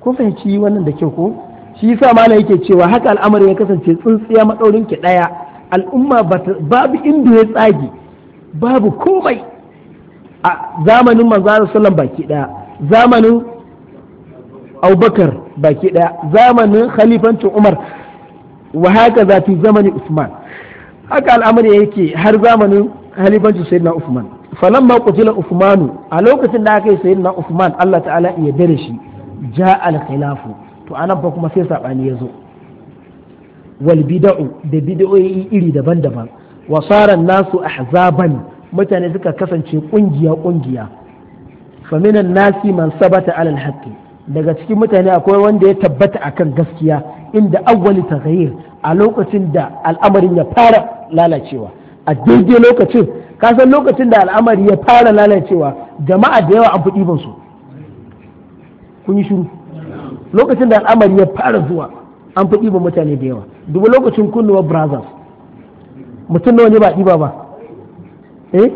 ko fahimci wannan da kyau ko shi yasa malam yake cewa haka al'amari ya kasance tsintsiya madaurin ki daya al'umma babu inda ya tsage babu komai a zamanin manzo sallallahu baki daya zamanin abubakar baki daya zamanin khalifancin umar wa haka za fi zamanin usman haka al'amari yake har zamanin khalifancin sayyidina usman falamma qutila usmanu a lokacin da aka yi sayyidina usman Allah ta'ala ya dare shi ja al khilafu to anan fa kuma sai sabani ya zo wal bid'u da bid'o'i iri daban-daban wa nasu nasu ahzaban mutane suka kasance kungiya kungiya fa minan nasi man sabata alal haqqi daga cikin mutane akwai wanda ya tabbata akan gaskiya inda awwali taghayyir a lokacin da al'amarin ya fara lalacewa a daidai lokacin kasan lokacin da al'amari ya fara lalacewa jama'a da yawa an fi ɗiban su kun yi shiru lokacin da al'amari ya fara zuwa an fi ɗiban mutane da yawa dubu lokacin kunnuwa brothers mutum nawa ne ba ɗiba ba eh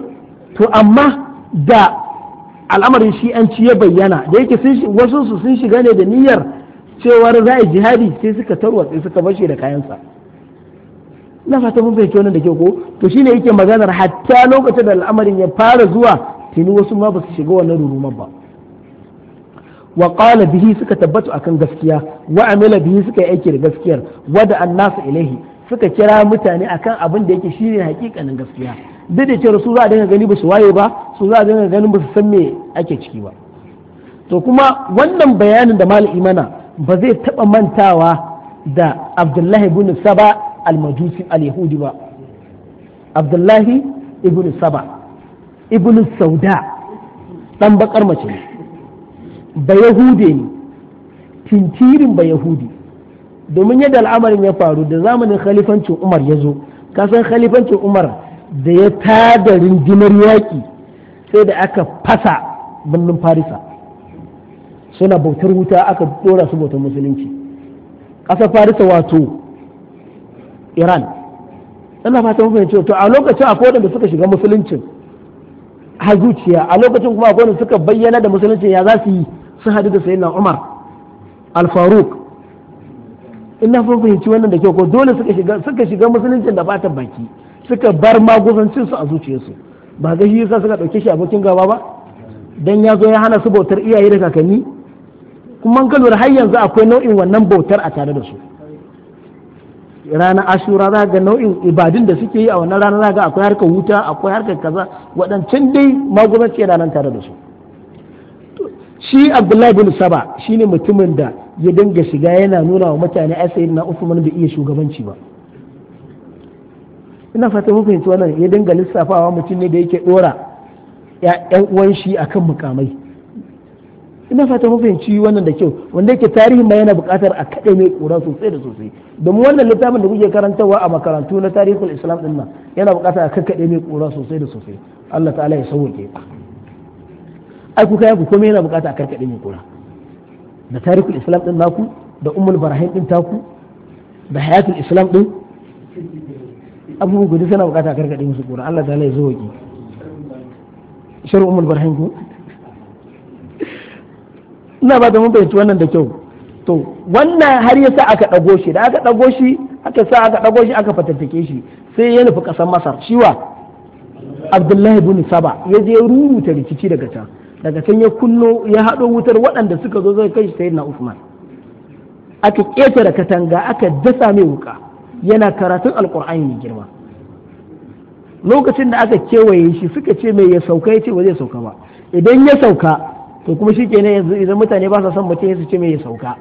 to amma da al'amarin shi'anci ya bayyana da yake wasu su sun shiga ne da niyyar cewar za a jihadi sai suka tarwatse suka bashi da kayansa na fata mun fahimci wannan da ke ko to shine yake maganar hatta lokacin da al'amarin ya fara zuwa tuni wasu ma ba su shiga wannan rurumar ba wa qala bihi suka tabbatu akan gaskiya wa amila bihi suka yi aiki da gaskiyar wada annasu ilaihi suka kira mutane akan abin da yake shine hakikanin gaskiya duk da cewa su za a dinga gani ba su waye ba su za a dinga ganin ba su san me ake ciki ba to kuma wannan bayanin da mal imana ba zai taba mantawa da abdullahi ibn saba al-majusi al-yahudi ba abdullahi ibn saba ibn sauda dan bakar mace ne ba yahude ne tintirin ba yahudi domin yadda al'amarin ya faru da zamanin khalifancin umar ya zo kasan khalifancin umar da ya tada rundunar yaƙi sai da aka fasa birnin farisa suna bautar wuta aka dora su bautar musulunci ƙasar farisa wato iran ina fata mafi fahimci to a lokacin akwai da suka shiga musuluncin a zuciya a lokacin kuma akwai suka bayyana da musuluncin ya za su yi sun hadu da sayyidina umar al faruk ina fahimci wannan da kyau ko dole suka shiga suka shiga musuluncin da fatan baki suka bar maguzancinsu a zuciyarsu ba zai yi suka ɗauke shi abokin gaba ba dan ya zo ya hana su bautar iyaye da kakanni kuma ka har yanzu akwai nau'in wannan bautar a tare da su ranar ashura za ga nau'in ibadun da suke yi a wannan ranar za ga akwai harkar wuta akwai harkar kaza waɗancan dai maguzanci yana nan tare da su shi abdullahi bin saba shine mutumin da ya dinga shiga yana nuna wa mutane asayin na usman bai iya shugabanci ba ina fata mun fahimci wannan ya dinga lissafawa mutum ne da yake dora ƴan uwan shi akan mukamai ina fata mun fahimci wannan da kyau wanda yake tarihin ma yana buƙatar a kaɗai mai ƙura sosai da sosai domin wannan littafin da kuke karantarwa a makarantu na tarihul islam din nan yana buƙatar a kaɗai mai ƙura sosai da sosai Allah ta'ala ya sauke ai ku kai ku komai yana buƙatar a kaɗai mai ƙura da tarihul islam din naku da ummul barahim din taku da hayatul islam din abubuwa guda suna bukata gargaɗe musu ƙura Allah ta lai zuwa ki shiru umar barhan ku ina ba da mun wannan da kyau to wannan har ya sa aka ɗago shi da aka ɗago shi aka sa aka ɗago shi aka fatattake shi sai ya nufi ƙasar masar shiwa abdullahi bin saba ya je rubuta rikici daga can daga can ya kullo ya haɗo wutar waɗanda suka zo zai kai shi sayyidina usman aka ƙetare katanga aka dasa mai wuka yana karatun alkur'ani mai girma lokacin da aka kewaye shi suka ce mai ya sauka ya ce ba zai sauka ba idan ya sauka to kuma shi kenan yanzu idan mutane ba sa son mutum ya ce mai ya sauka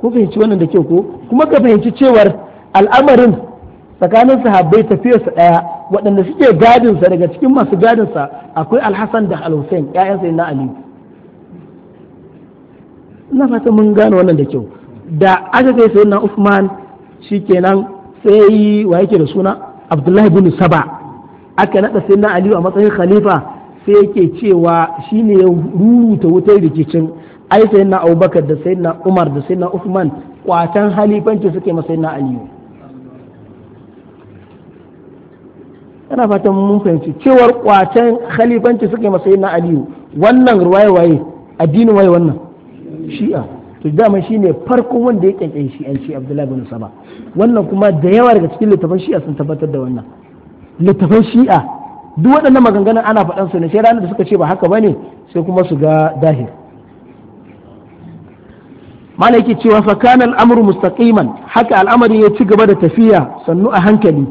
ko fahimci wannan da kyau ko kuma ka fahimci cewar al'amarin tsakanin sahabbai tafiyarsa daya waɗanda suke gadinsa daga cikin masu gadinsa akwai alhassan da alhussein ƴaƴansa na aliyu ina fata mun gane wannan da kyau da aka kai sayyidina usman shikenan sai wa yake da suna abdullahi bin saba aka naɗa sai na aliyu a matsayin khalifa sai yake cewa shine ya ruruta wutar rikicin ai sai na abubakar da sai na umar da sai na usman kwatan halifanci suke masa na aliyu yana fatan mun fahimci cewar kwatan halifanci suke masa na aliyu wannan ruwaye waye addinin waye wannan shi'a to dama ne farko wanda ya an shi'anci abdullahi bin saba wannan kuma da yawa daga cikin littafan shi'a sun tabbatar da wannan littafan shi'a duk waɗannan maganganun ana faɗan su ne sai ranar da suka ce ba haka ba ne sai kuma su ga dahir mana yake cewa fa kana al'amru mustaqiman haka al'amarin ya ci gaba da tafiya sannu a hankali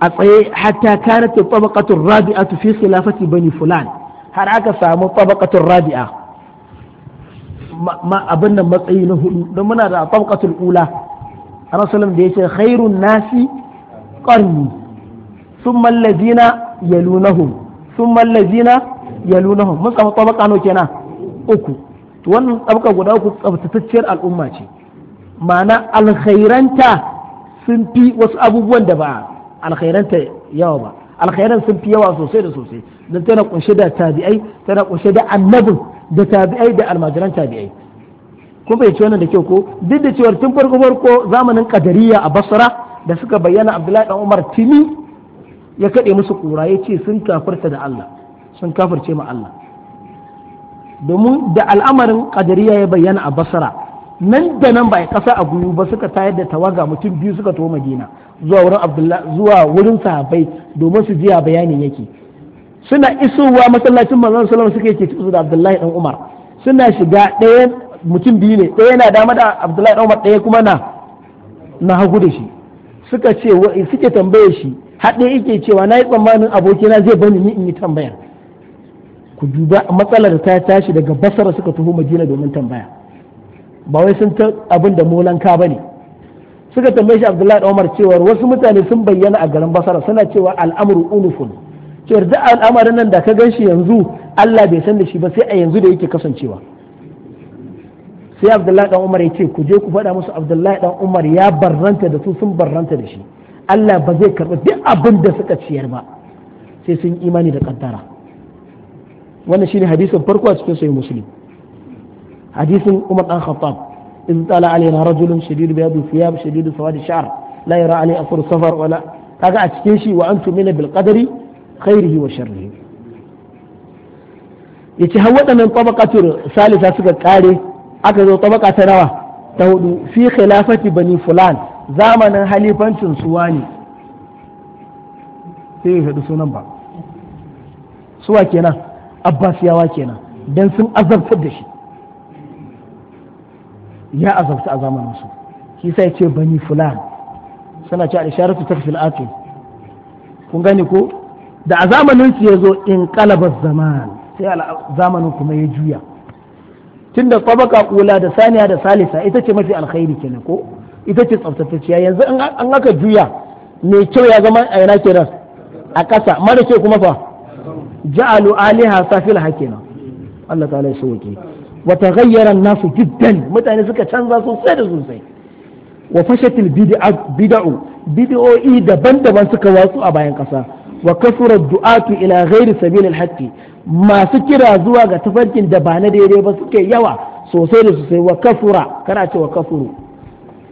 a tsaye hatta kana tabaqatu rabi'atu fi khilafati bani fulan har aka samu tabaqatu rabi'a abin nan matsayi na hudu don muna da tabqatul ula rasulun da yace khairun nasi qarni thumma alladhina yalunahum thumma alladhina yalunahum mun samu tabaqa no kenan uku to wannan tabaqa guda uku tsaftatacciyar al'umma ce mana alkhairanta sun fi wasu abubuwan da ba alkhairanta yawa ba alkhairan sun fi yawa sosai da sosai don tana kunshe da tabi'ai tana kunshe da annabin da tabi'ai da almajiran tabi'ai kun fahimci wannan da kyau ko duk da cewar tun farko farko zamanin kadariya a basra da suka bayyana abdullahi dan umar tini ya kade musu kura ya ce sun kafirta da allah sun kafirce ma allah domin da al'amarin kadariya ya bayyana a basra nan da nan ba a kasa a guyu ba suka tayar da tawaga mutum biyu suka taho madina zuwa wurin abdullahi zuwa wurin sahabbai domin su jiya bayanin yake suna isowa masallacin manzon sallallahu suka yake tuzu da abdullahi dan umar suna shiga ɗaya mutum biyu ne ɗaya yana dama da abdullahi dan umar ɗaya kuma na na hagu da shi suka ce suke tambaye shi haɗe yake cewa na yi tsammanin abokina zai bani ni in yi tambaya ku duba matsalar da ta tashi daga basara suka taho madina domin tambaya ba wai sun ta abin da molanka bane. suka tambaye shi abdullahi umar cewa wasu mutane sun bayyana a garin basara suna cewa al'amru unufun cewar duk al'amarin nan da ka gan shi yanzu allah bai san da shi ba sai a yanzu da yake kasancewa sai abdullahi dan umar ya ce ku je ku faɗa musu abdullahi dan umar ya barranta da su sun barranta da shi allah ba zai karɓi duk abin da suka ciyar ba sai sun imani da kaddara wannan shine hadisin farko a cikin sahih muslim hadisin umar dan khattab إذ طلع علينا رجل شديد بياض الثياب شديد سواد الشعر لا يرى shi wa السفر ولا كاكا أتكيشي وأن تؤمن بالقدر خيره وشره yace har waɗannan tabaqatul salisa suka kare aka zo tabaka ta rawa ta hudu fi khilafati bani fulan zamanin halifancin suwa ne sai ya faɗi sunan ba suwa kenan abbasiyawa kenan dan sun azabtar da shi ya azabta a zamanin su shi sai ce bani fulan suna ce al-isharatu tafsil ati kun gani ko da a zamanin su yazo in qalabar zaman sai zamanin kuma ya juya tunda tabaka kula da saniya da salisa ita ce mafi alkhairi kenan ko ita ce tsaftatacciya yanzu an aka juya mai kyau ya zama a yana kenan a kasa mara ce kuma fa ja'alu aliha safil hakina Allah ta'ala ya sauke Wata wa taghayyara nasu jiddan mutane suka canza sosai da sosai wa fashatil bid'u daban-daban suka wasu a bayan kasa wa kasura du'atu ila ghairi sabilil haqqi masu kira zuwa ga tafarkin da ba na daidai ba suke yawa sosai da sosai wa kasura kana ce wa kasuru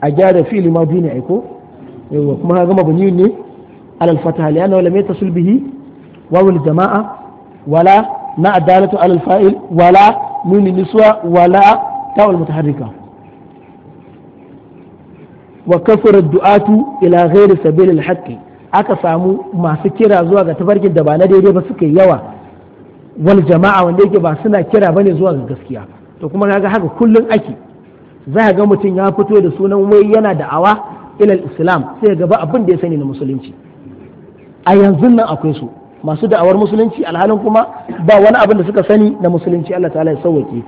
a gyara fi'li madhi ne aiko yawa kuma ka gama bunyi ne alal fatah li annahu lam yatasil bihi wa wal jama'a wala na adalatu alal fa'il wala nuni niswa wala ta'ul mutaharrika wa kafara du'atu ila ghairi sabilil aka samu masu kira zuwa ga tafarkin da ba na daidai ba suka yawa wal jama'a wanda yake ba suna kira bane zuwa ga gaskiya to kuma kaga haka kullun ake za ga mutum ya fito da sunan wai yana da'awa ilal islam sai ga gaba abin da ya sani na musulunci a yanzu nan akwai su masu da'awar musulunci alhalin kuma ba wani abin da suka sani na musulunci Allah ta'ala ya sauwake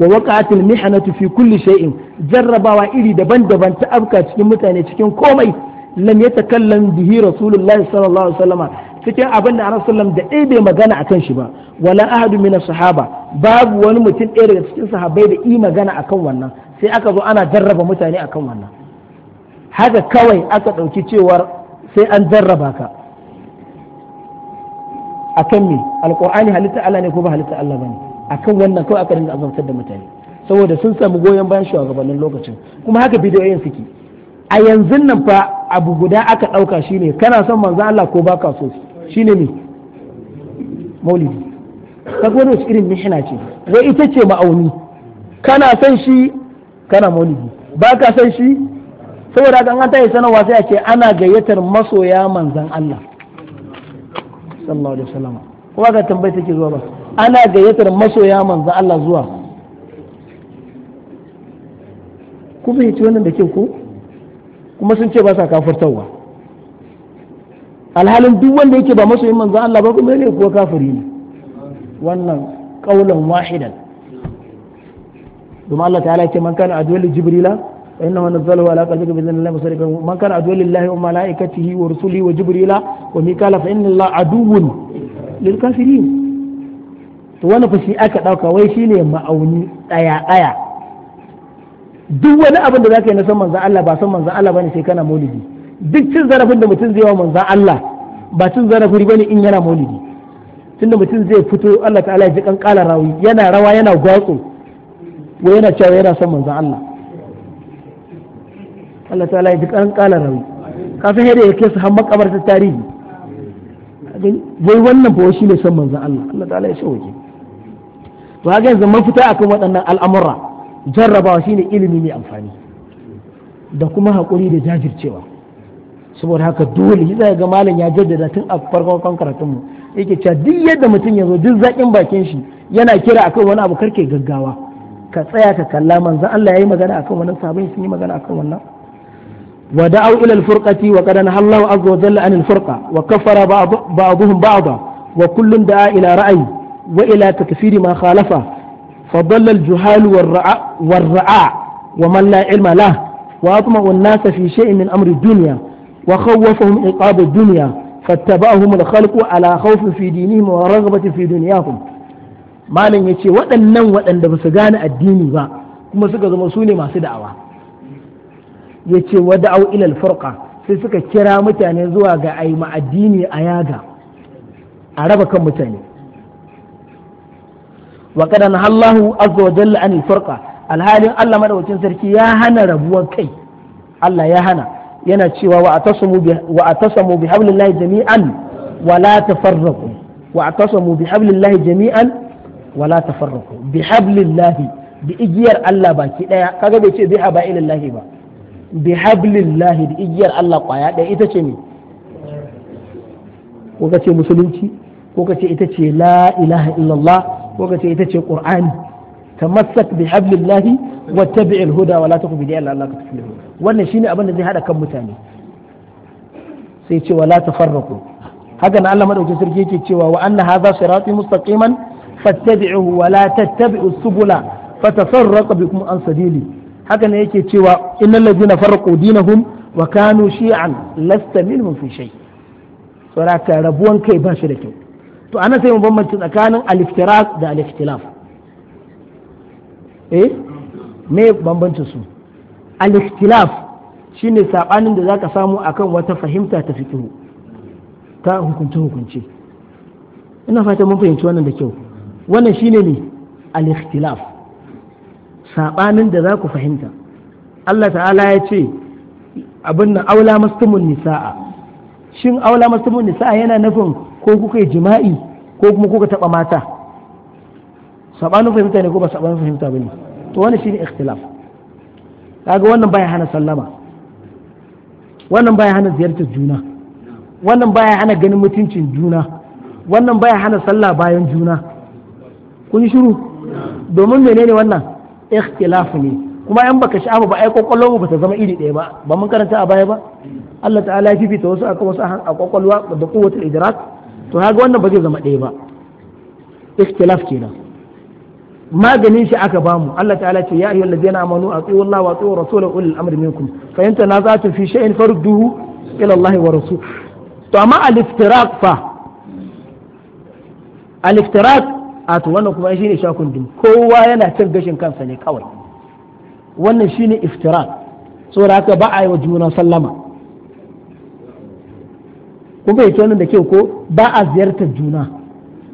wa waqa'atil mihnatu fi kulli shay'in jarrabawa iri daban-daban ta afka cikin mutane cikin komai lam yatakallam bihi rasulullahi sallallahu alaihi wasallam cikin abin da rasulullahi da ɗaya bai magana akan shi ba wala ahadu min sahaba babu wani mutum ɗaya daga cikin sahabbai da yi magana akan wannan sai aka zo ana jarraba mutane akan wannan haka kawai aka ɗauki cewar sai an jarraba ka akan me alqur'ani halitta Allah ne ko ba halitta Allah bane akan wannan kawai aka dinga azabtar da mutane saboda sun samu goyon bayan shugabannin lokacin kuma haka bidiyoyin suke a yanzu nan fa abu guda aka dauka shine kana son manzo Allah ko baka so shine me maulidi kaga wani wasu irin mihina ce wai ita ce ma'auni kana son shi kana maulidi baka son shi saboda kan an ta yi sanarwa sai a ce ana gayyatar masoya manzan Allah sallallahu alaihi wasallam kuma ga tambayi take zuwa ba ana gayyatar masoya manzo Allah zuwa ku fahimci wannan da ke ku kuma sun ce ba sa kafirtawa alhalin duk wanda yake ba masoyin manzo Allah ba kuma ne kuwa kafiri ne wannan kaulan wahidan domin Allah ta'ala ya ce man kana adwali jibrila فإنه نزله على قلبك بإذن الله مصدقا من كان عدوا لله وملائكته ورسله وجبريل وميكال فإن الله عدو للكافرين to wani fashi aka ɗauka wai shine ma'auni ɗaya ɗaya duk wani abin da zaka yi na san manzan Allah ba san manzan Allah bane sai kana duk cin zarafin da mutum zai wa manzan Allah ba cin zarafin ne in yana maulidi tunda mutum zai fito Allah ta'ala ya ji kan rawi yana rawa yana gwatsu wai yana cewa yana son manza Allah Allah Ta ya ji kan kala rawi ka san yadda yake su har ta tarihi wai wannan ba shi ne son manzon Allah Allah Ta ya shawaki to ga yanzu mun fita akan waɗannan al'amura jarrabawa shine ilimi mai amfani da kuma haƙuri da jajircewa saboda haka dole shi zai ga malam ya jaddada tun a farkon karatun mu yake cewa duk yadda mutum ya zo duk zaƙin bakin shi yana kira akan wani abu karke gaggawa ka tsaya ka kalla manzon Allah ya yi magana akan wannan sabon shi yi magana akan wannan ودعوا إلى الفرقة وقد نهى الله عز وجل عن الفرقة وكفر بعض بعضهم بعضا وكل دعا إلى رأي وإلى تكفير ما خالفه فضل الجهال والرعاء, والرعاء ومن لا علم له وأطمأ الناس في شيء من أمر الدنيا وخوفهم عقاب الدنيا فاتبعهم الخلق على خوف في دينهم ورغبة في دنياهم ما لن يتي وأن وأن بسجان الدين با kuma suka zama su ne masu da'awa ya ce wada au ilal furqa sai suka kira mutane zuwa ga ai ma'addini a yaga a raba kan mutane wa hallahu nahallahu azza wa an furqa alhalin Allah madawacin sarki ya hana rabuwar kai Allah ya hana yana cewa wa atasimu bi wa atasamu bi hablillahi jami'an wa la tafarraqu wa atasamu bi hablillahi jami'an wa la tafarraqu bi hablillahi bi igiyar Allah baki daya kaga bai ce bi haba ilallahi ba bi hablillahi da igiyar Allah kwaya ɗaya ita ce me ko ka ce musulunci ko ka ce ita ce la ilaha illallah ko ka ce ita ce qur'ani tamassak bi hablillahi wattabi'il huda wala taku bi da'il Allah ka tuflihu wannan shine abin da zai hada kan mutane sai ce wala tafarraqu haka na Allah madaukakin sarki yake cewa wa anna hadha sirati mustaqiman fattabi'uhu wa la tattabi'us subula fatafarraqu bikum an sabili haka ne yake cewa innal ladina farqu dinahum wa kanu shi'an lasta minhum fi shay saboda rabuwan kai ba shi da kyau to ana sai mu bambanta tsakanin al-iftiraq da al-ikhtilaf eh me bambanta su al-ikhtilaf shine sabanin da zaka samu akan wata fahimta ta fiqh ta hukunce hukunce ina fata mun fahimci wannan da kyau wannan shine ne al-ikhtilaf saɓanin da za ku fahimta Allah ta'ala ya ce abin da aula mastumun nisa'a shin aula mastumun nisa'a yana nufin ko kuka yi jima'i ko kuma kuka taɓa mata saɓanin fahimta ne ko ba saɓanin fahimta ba ne to wani shine ikhtilaf kaga wannan baya hana sallama wannan baya hana ziyartar juna wannan baya hana ganin mutuncin juna wannan baya hana sallah bayan juna kun yi shiru domin menene wannan ikhtilaf ne kuma yan baka sha'aba ba ai kwakwalwa ba ta zama iri daya ba ba mun karanta a baya ba Allah ta'ala ya fifita wasu akan wasu a kwakwalwa da kowace idrak to kaga wannan ba zai zama ɗaya ba ikhtilaf kenan maganin shi aka bamu Allah ta'ala ce ya ayyuhal ladina amanu atiu Allah wa atiu rasulahu ulil amri minkum fa in tanaza'tum fi shay'in farudduhu ila Allah wa rasul to amma al-iftiraq fa al-iftiraq a to wannan kuma shine shakun dum kowa yana cin gashin kansa ne kawai wannan shine iftira saboda haka ba a yi wa juna sallama kun fahimci wannan da kyau ko ba a ziyartar juna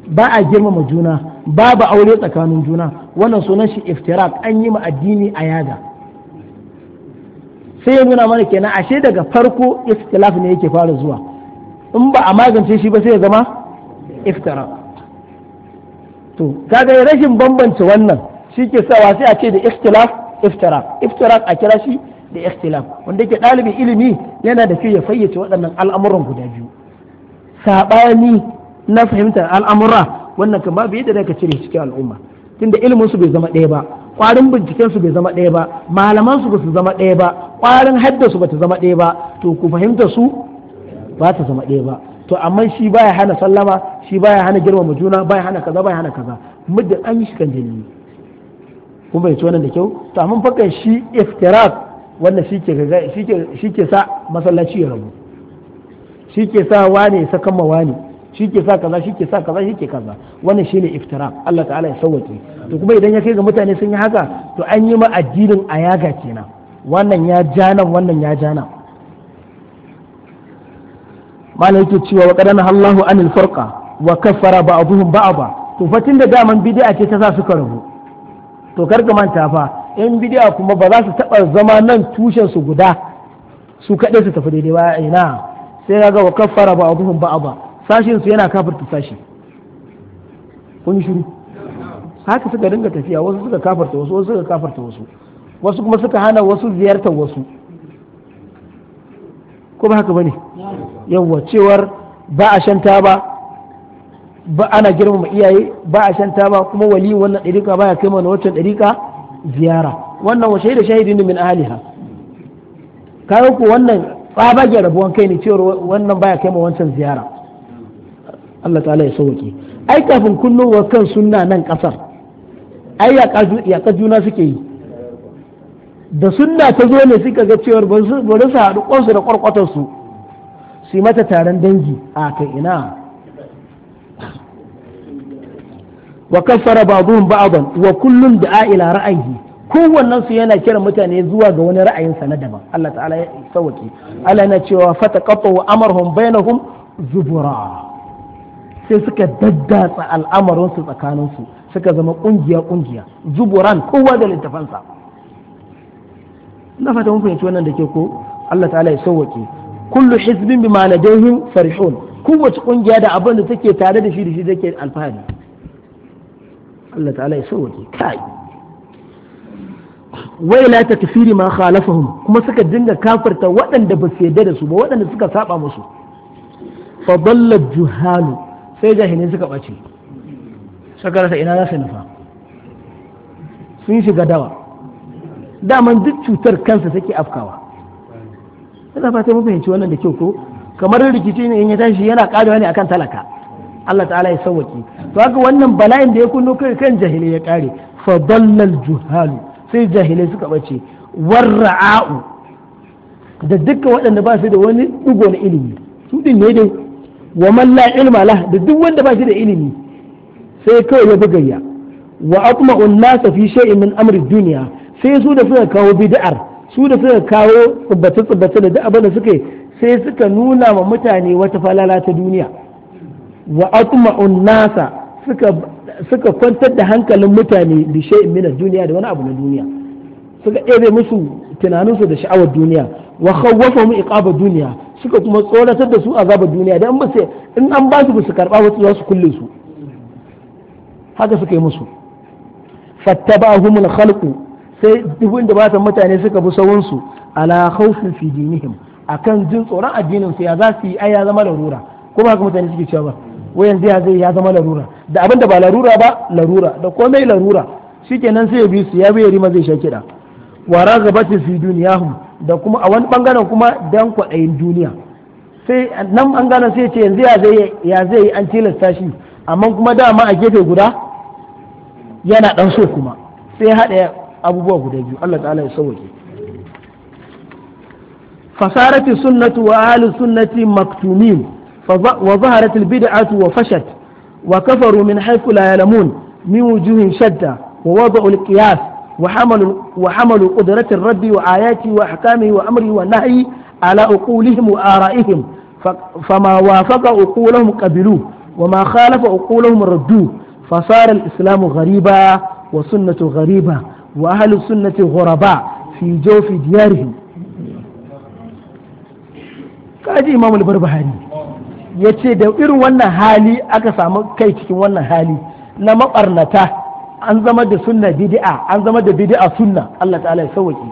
ba a girmama juna babu aure tsakanin juna wannan sunan shi iftirak an yi ma addini a yada sai ya nuna mana kenan ashe daga farko iftilaf ne yake fara zuwa in ba a magance shi ba sai ya zama iftirak to kaga rashin bambance wannan shi ke sawa sai a ce da ikhtilaf iftirak iftirak a kira shi da ikhtilaf wanda yake ɗalibin ilimi yana da ya fayyace waɗannan al'amuran guda biyu saɓani na fahimtar al'amura wannan kan babu yadda ka cire cikin al'umma tunda ilimin su bai zama ɗaya ba kwarin binciken su bai zama ɗaya ba malaman su ba su zama ɗaya ba kwarin hadda su ba ta zama ɗaya ba to ku fahimta su ba ta zama ɗaya ba to amma shi baya hana sallama shi baya hana girma juna baya hana kaza baya hana kaza muddin an yi shi kan dalili kun bai wannan da kyau to amma fakan shi iftirak wannan shi ke shi ke sa masallaci ya rabu shi ke sa wani ya saka ma wani shi ke sa kaza shi ke sa kaza shi ke kaza wannan shine iftirak Allah ta'ala ya sauwake to kuma idan ya kai ga mutane sun yi haka to an yi ma addinin ayaga kenan wannan ya jana wannan ya jana mana yake cewa wa qadana Allahu anil farqa wa kafara ba'dhum ba'dha to fatin da daman bid'a ce ta sa suka rabu to kar ka manta fa in bid'a kuma ba za su taba zama nan tushen su guda su kaɗai su tafi daidai ba ina sai ga wa kafara ba'dhum ba'dha sashin su yana kafirta sashi kun shiru haka suka dinga tafiya wasu suka kafarta wasu wasu suka kafarta wasu wasu kuma suka hana wasu ziyartar wasu ko ba haka bane yawa cewar ba a shan ba ba ana girmama iyaye ba a shan ba kuma wali wannan ɗariƙa baya kai mana wancan ɗariƙa ziyara wannan wa shaida shahidin min aliha kayo ku wannan tsabage rabuwan kai ne cewar wannan baya kai mana wancan ziyara Allah ta'ala ya sauke ai kafin wa kan sunna nan kasar ai ya juna suke yi da sunna ta zo ne suka ga cewar ba su haɗu ƙwansu da ƙwarƙwatarsu su mata taron dangi a kai ina wa kaffara ba'dhum ba'dan wa kullun da'a ila ra'ayi kowannen su yana kiran mutane zuwa ga wani ra'ayinsa na daban Allah ta'ala ya sauke Allah yana cewa fataqatu amrahum bainahum zubura sai suka daddatsa al'amarin su tsakanin su suka zama kungiya kungiya zuburan kowa da littafansa na fata mun fahimci wannan da ke ko Allah ta'ala ya sauke kullu hizbin ma ladayhim farihun kowace kungiya da abin da take tare da shi da shi take alfahari Allah ta'ala ya sauke kai wai la takfiri ma khalafahum kuma suka dinga kafirta waɗanda ba su yarda da su ba waɗanda suka saba musu fa dalla juhalu sai jahilin suka bace suka rasa ina za su nufa sun shiga dawa daman duk cutar kansa take afkawa yana fata mun fahimci wannan da kyau ko kamar rikici ne in ya tashi yana karewa ne akan talaka Allah ta'ala ya sauwaki to haka wannan bala'in da ya kunno kai kan jahilai ya kare fa dallal juhalu sai jahilai suka bace warra'u da duka waɗanda ba su da wani dugo na ilimi su din ne dai wa man la ilma lah da duk wanda ba shi da ilimi sai kawai ya bugayya wa atma'un nas fi shay'in min amri dunya sai su da suka kawo bid'ar su da suka kawo tsibbace tsibbace da duk abin da suka yi sai suka nuna ma mutane wata falala ta duniya wa atma'un nasa suka kwantar da hankalin mutane da shay'in min duniya da wani abu na duniya suka ɗebe musu tunaninsu da sha'awar duniya wa mu iqaba duniya suka kuma tsoratar da su azabar duniya dan ba sai in an ba su su karba wasu za su kulle su haka suka yi musu fattabahumul khalqu sai dubin da batan mutane suka bi sawunsu ala khawfin fi dinihim akan jin tsoron addinin su ya za su yi ai ya zama larura ko ba haka mutane suke cewa ba wayan da zai ya zama larura da abin da ba larura ba larura da komai larura shikenan sai ya bi su ya bi ma zai sha kida wa ragabati fi duniyahum da kuma a wani bangaren kuma dan kwaɗayin duniya sai nan bangaren sai ce yanzu ya zai ya zai an tilasta shi amma kuma dama a gefe guda yana dan so kuma sai haɗa abubuwa guda biyu Allah ta'ala ya sauke فصارت السنة وأهل السنة مكتومين وظهرت البدعة وفشت وكفروا من حيث لا يعلمون من وجوه شدة ووضعوا القياس وحملوا وحملوا قدرة الرب وآياته وأحكامه وأمره ونهي على عقولهم وآرائهم فما وافق عقولهم قبلوه وما خالف عقولهم ردوه فصار الإسلام غريبا وسنة غريبة wa ahli sunnati ghuraba fi jawfi diyarihim kaji imam al-barbahari yace da irin wannan hali aka samu kai cikin wannan hali na mabarnata an zama da sunna bid'a an zama da bid'a sunna Allah ta'ala ya sauke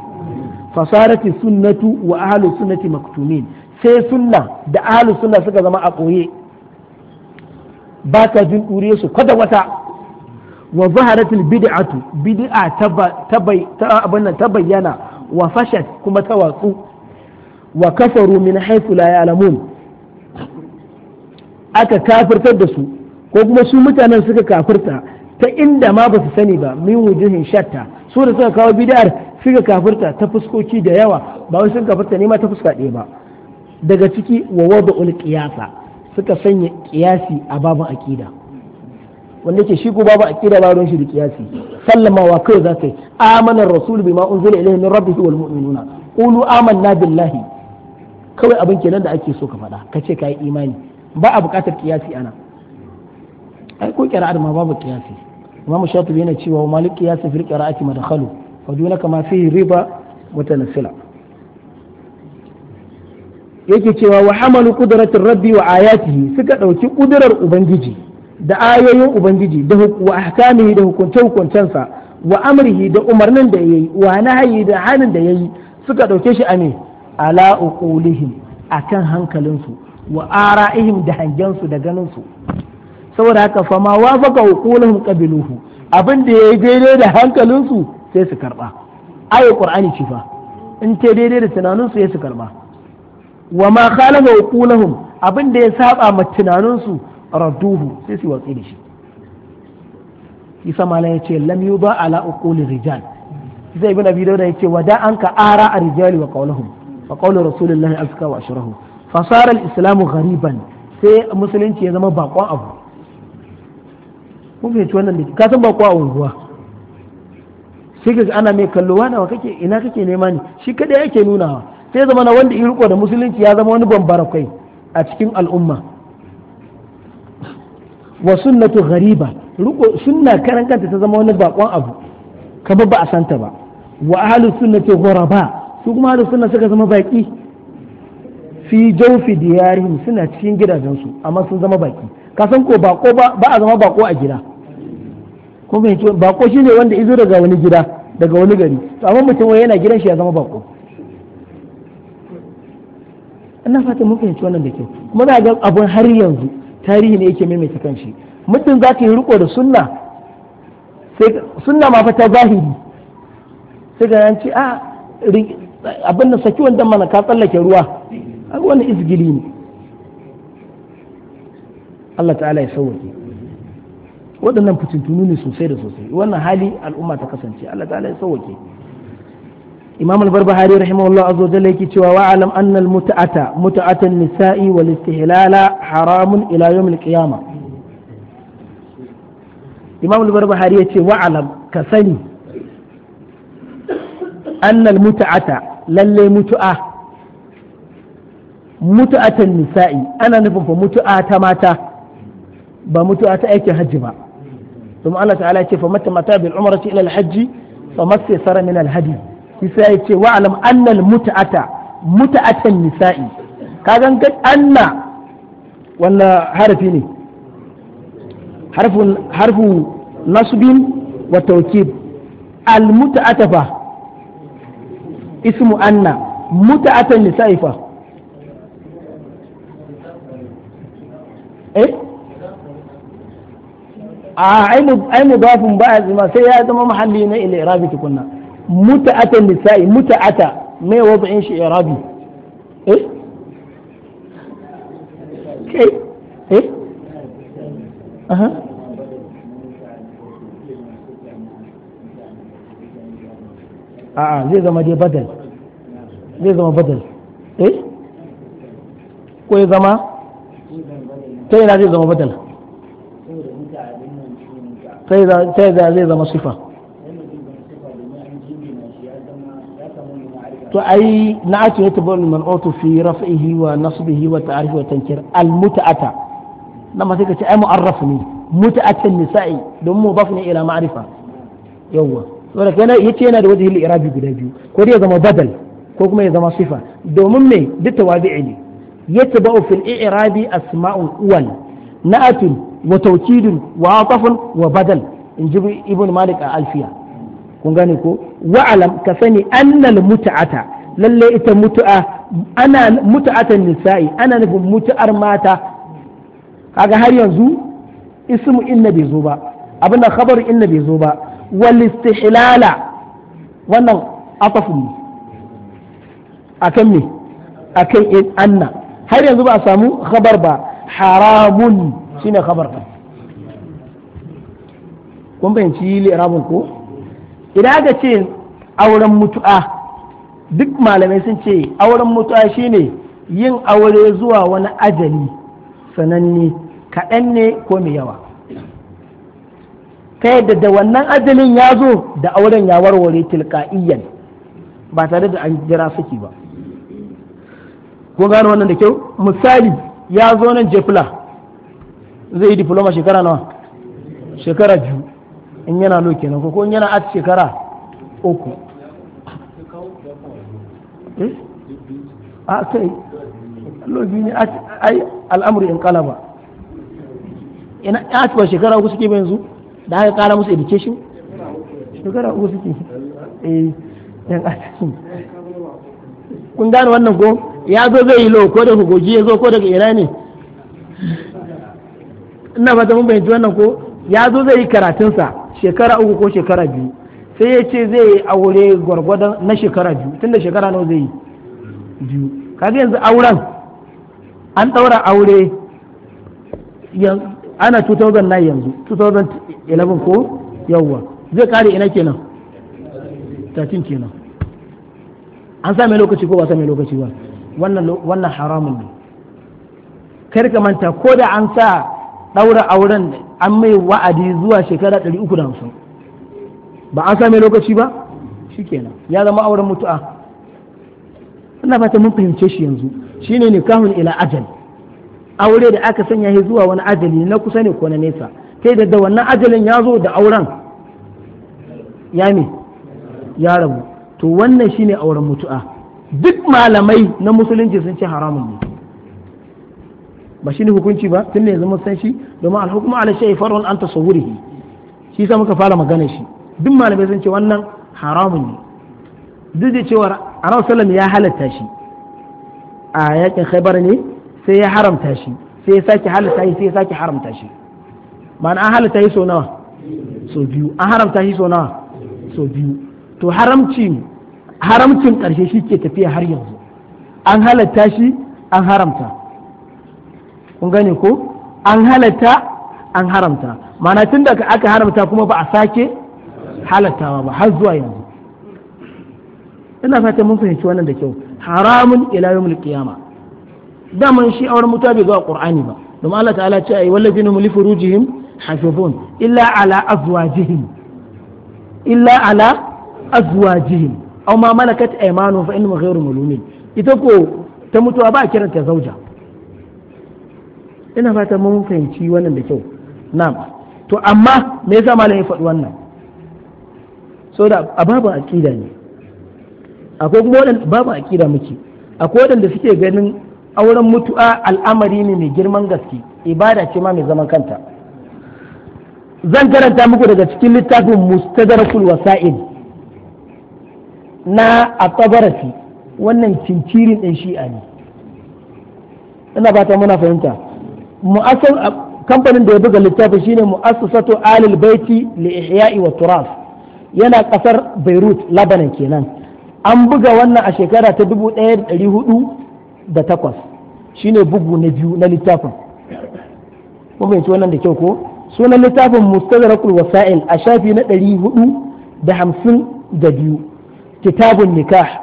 fasarati sunnatu wa ahli sunnati maktumin sai sunna da ahli sunna suka zama a koye ba ta jin ɗure su kwata wata wa zaharatul bid'atu bid'a ta bayyana wa fashat kuma ta watsu wa min haythu la aka kafirtar da su ko kuma su mutanen suka kafirta ta inda ma ba su sani ba min wujuhin shatta su da suka kawo bid'ar suka kafirta ta fuskoki da yawa ba wai sun kafirta ne ma ta fuska ɗaya ba daga ciki wa wada'ul qiyasa suka sanya qiyasi a babu aqida wanda yake shi ko babu aqida ba ruwan shi da kiyasi wa kai za kai amana rasul bima unzila ilayhi min rabbihi wal mu'minuna qulu amanna billahi kawai abin kenan da ake so ka faɗa ka ce kai imani ba a buƙatar kiyasi ana ai ko kira ma babu kiyasi imamu shatibi yana cewa malik kiyasi fil qira'ati madkhalu fa dunaka ma fihi riba tanasila yake cewa wa hamalu qudratir rabbi wa ayatihi suka dauki kudurar ubangiji da ayoyin ubangiji da wa da hukunce hukuncensa wa amrihi da umarnin da yayi wa nahyi da hanin da yayi suka dauke shi ame ala uqulihim akan hankalinsu wa ara'ihim da hangensu da ganinsu saboda haka fa ma faka uqulihim qabiluhu abin da yayi daidai da hankalinsu sai su karba ayo qur'ani ce fa in ta daidai da tunaninsu sai su karba wa ma khalafa uqulihim abin da ya saba ma tunaninsu radduhu sai su watsi da shi isa mala yace lam yuba ala uquli rijal isa ibn abi wa da an ka ara ar Rijal wa qawluhum wa qawlu rasulillahi azka wa ashrahu fasara al-islamu ghariban sai musulunci ya zama bakon abu mun fahimci wannan da ka san bakon abu ruwa sai ka ana mai kallo wani wa kake ina kake nema ni? shi kadai yake nunawa sai zama na wanda ya riko da musulunci ya zama wani bambara kai a cikin al'umma wa sunnatu ghariba riko sunna karan kanta ta zama wani bakon abu kaba ba a santa ba wa ahlus sunnati ghuraba su kuma ahlus sunna suka zama baki fi jawfi diyarihim suna cikin gidajensu amma sun zama baki ka san ko bako ba a zama bako a gida ko bai ce bako shine wanda izo daga wani gida daga wani gari to amma mutum wai yana gidan shi ya zama bako ina fata mun fahimci wannan da kyau kuma za ga abun har yanzu tarihi ne yake maimaita kanshi muddin za ka yi riko da sunna sai sunna ma fa ta zahiri sai ga an ce a ah, abin da saki wanda mana ka tsallake ruwa ai wannan isgili ne Allah ta'ala ya sauke waɗannan fitintunu ne sosai da sosai wannan hali al'umma ta kasance Allah ta'ala ya sauke imam al-barbahari rahimahullah azza wa jalla yake cewa wa alam annal mut'ata mut'atan nisa'i wal istihlala haramun ila yawm al-qiyama imam al-barbahari yace wa alam ka sani annal mut'ata lalle mutu'a mutu'atan nisa'i ana nufin fa mutu'a ta mata ba mutu'a ta aikin hajji ba domin Allah ta'ala ce fa mata mata bil umrati ila al-hajji fa mastasara min al-hadi kisa ya ce wa alam annal mut'ata mut'atan nisa'i kagan ga anna wannan harafi ne harfun harfu nasbin wa tawkid al mut'ata fa ismu anna mut'atan nisa'i fa eh ah, a ai mudafin ba sai ya zama mahalli na ila irabi tukunna muta'atan nisa'i muta'ata mai wada'in shi irabi eh kai zai zama dai to ai na ake wata bani man'otu fi raf'ihi wa nasbihi wa ta'arifi wa tankir al muta'ata na ma sai ka ce ai mu'arraf ne muta'atan nisa'i don mu baf ne ila ma'arifa. yawwa saboda kana yace yana da wajhil irabi guda biyu ko dai ya zama badal ko kuma ya zama sifa domin me duk tawabi'i ne ba'u fil i'rabi asma'un uwal na'atun wa tawkidun wa atafun wa badal in ji ibn malik a alfiya kun gane ko wa'alam ka sani annal mut'ata lalle ita mutu'a ana mut'atan nisa'i ana nufin mutu'ar mata kaga har yanzu ismu inna bai zo ba abinda khabaru inna bai zo ba wal istihlala wannan atafun akan me akan anna har yanzu ba a samu khabar ba haramun shine khabar kun bayanci li'rabun ko idan aka ce auren mutu'a duk malamai sun ce auren mutu'a shine yin aure zuwa wani ajali sananne kaɗan ne ko mai yawa ta yadda da wannan ajalin ya zo da auren ya warware tilka'iyyan ba tare da an jira suke ba ko gano wannan da kyau misali ya zo nan jefla zai yi diploma shekara nawa shekara biyu in yana loke nan ko in yana at shekara uku eh? a ah, kai lo ne ai al'amuri in kalaba ina a ba shekara uku suke ba yanzu da aka kara musu education shekara uku suke eh yan asisin kun gane wannan ko ya zo zai yi lo ko daga goji ya zo ko daga ina ne ina ba ta mun bayanci wannan ko ya zo zai yi karatunsa shekara uku ko shekara biyu sai ya ce zai yi aure gwargwadon na shekara biyu tun da shekara nawa zai yi biyu kaga yanzu auren an ɗaura aure ana 2009 yanzu 2011 ko yawwa zai kare ina kenan 13 kenan an same lokaci ko ba same lokaci ba wannan haramun ne kar ka manta ko da an sa ɗaura auren an mai wa'adi zuwa shekara ɗari uku da hamsin, ba an same lokaci ba shi kenan, ya zama auren mutu'a ina fata mun fahimce shi yanzu shi ne ne nikahun ila ajal aure da aka sanya shi zuwa wani ajali na kusa ne ko na nesa kai da wannan ajalin ya zo da auren ya me ya rabu to wannan shi ne auren mutu'a duk malamai na musulunci sun ce haramun ne ba shi ne hukunci ba tun ne zama san shi domin alhukumu ala shay farun an tasawwurihi shi sa muka fara magana shi duk malamai sun ce wannan haramun ne duk da cewa annabi salam ya halatta shi a yakin khaybar ne sai ya haramta shi sai ya sake halatta shi sai ya sake haramta shi ma'ana an halatta shi so nawa so biyu an haramta shi so nawa so biyu to haramcin haramcin karshe shi ke tafiya har yanzu an halatta shi an haramta kun gani ko an halatta an haramta mana tun da aka haramta kuma ba a sake halattawa ba har zuwa yanzu ina fata mun fahimci wannan da kyau haramun ila yawmul qiyama daman shi awar muta bai zuwa qur'ani ba domin Allah ta'ala ce ayi wallazina hum li furujihim hafizun illa ala azwajihim illa ala azwajihim aw ma malakat aymanuhum fa innahum ghayru malumin ita ko ta mutuwa ba kiranta zauja ina fata mun fahimci wannan da kyau na'am to amma me yasa malam ya faɗi wannan da a babu aqida ne akwai kuma wadanda babu aqida muke akwai wadanda suke ganin auren mutu'a al'amari ne mai girman gaske ibada ce ma mai zaman kanta zan karanta muku daga cikin littafin mustadrakul wasa'id na at wannan cincirin din shi'a ne ina fata muna fahimta mu'assas kamfanin da ya buga littafi shine mu'assasatu alil baiti li ihya'i wa turaf yana kasar Beirut Lebanon kenan an buga wannan a shekara ta 1408 shine bugu na biyu na littafin kuma yanzu wannan da kyau ko sunan littafin mustadrakul wasa'il a shafi na 452 kitabun nikah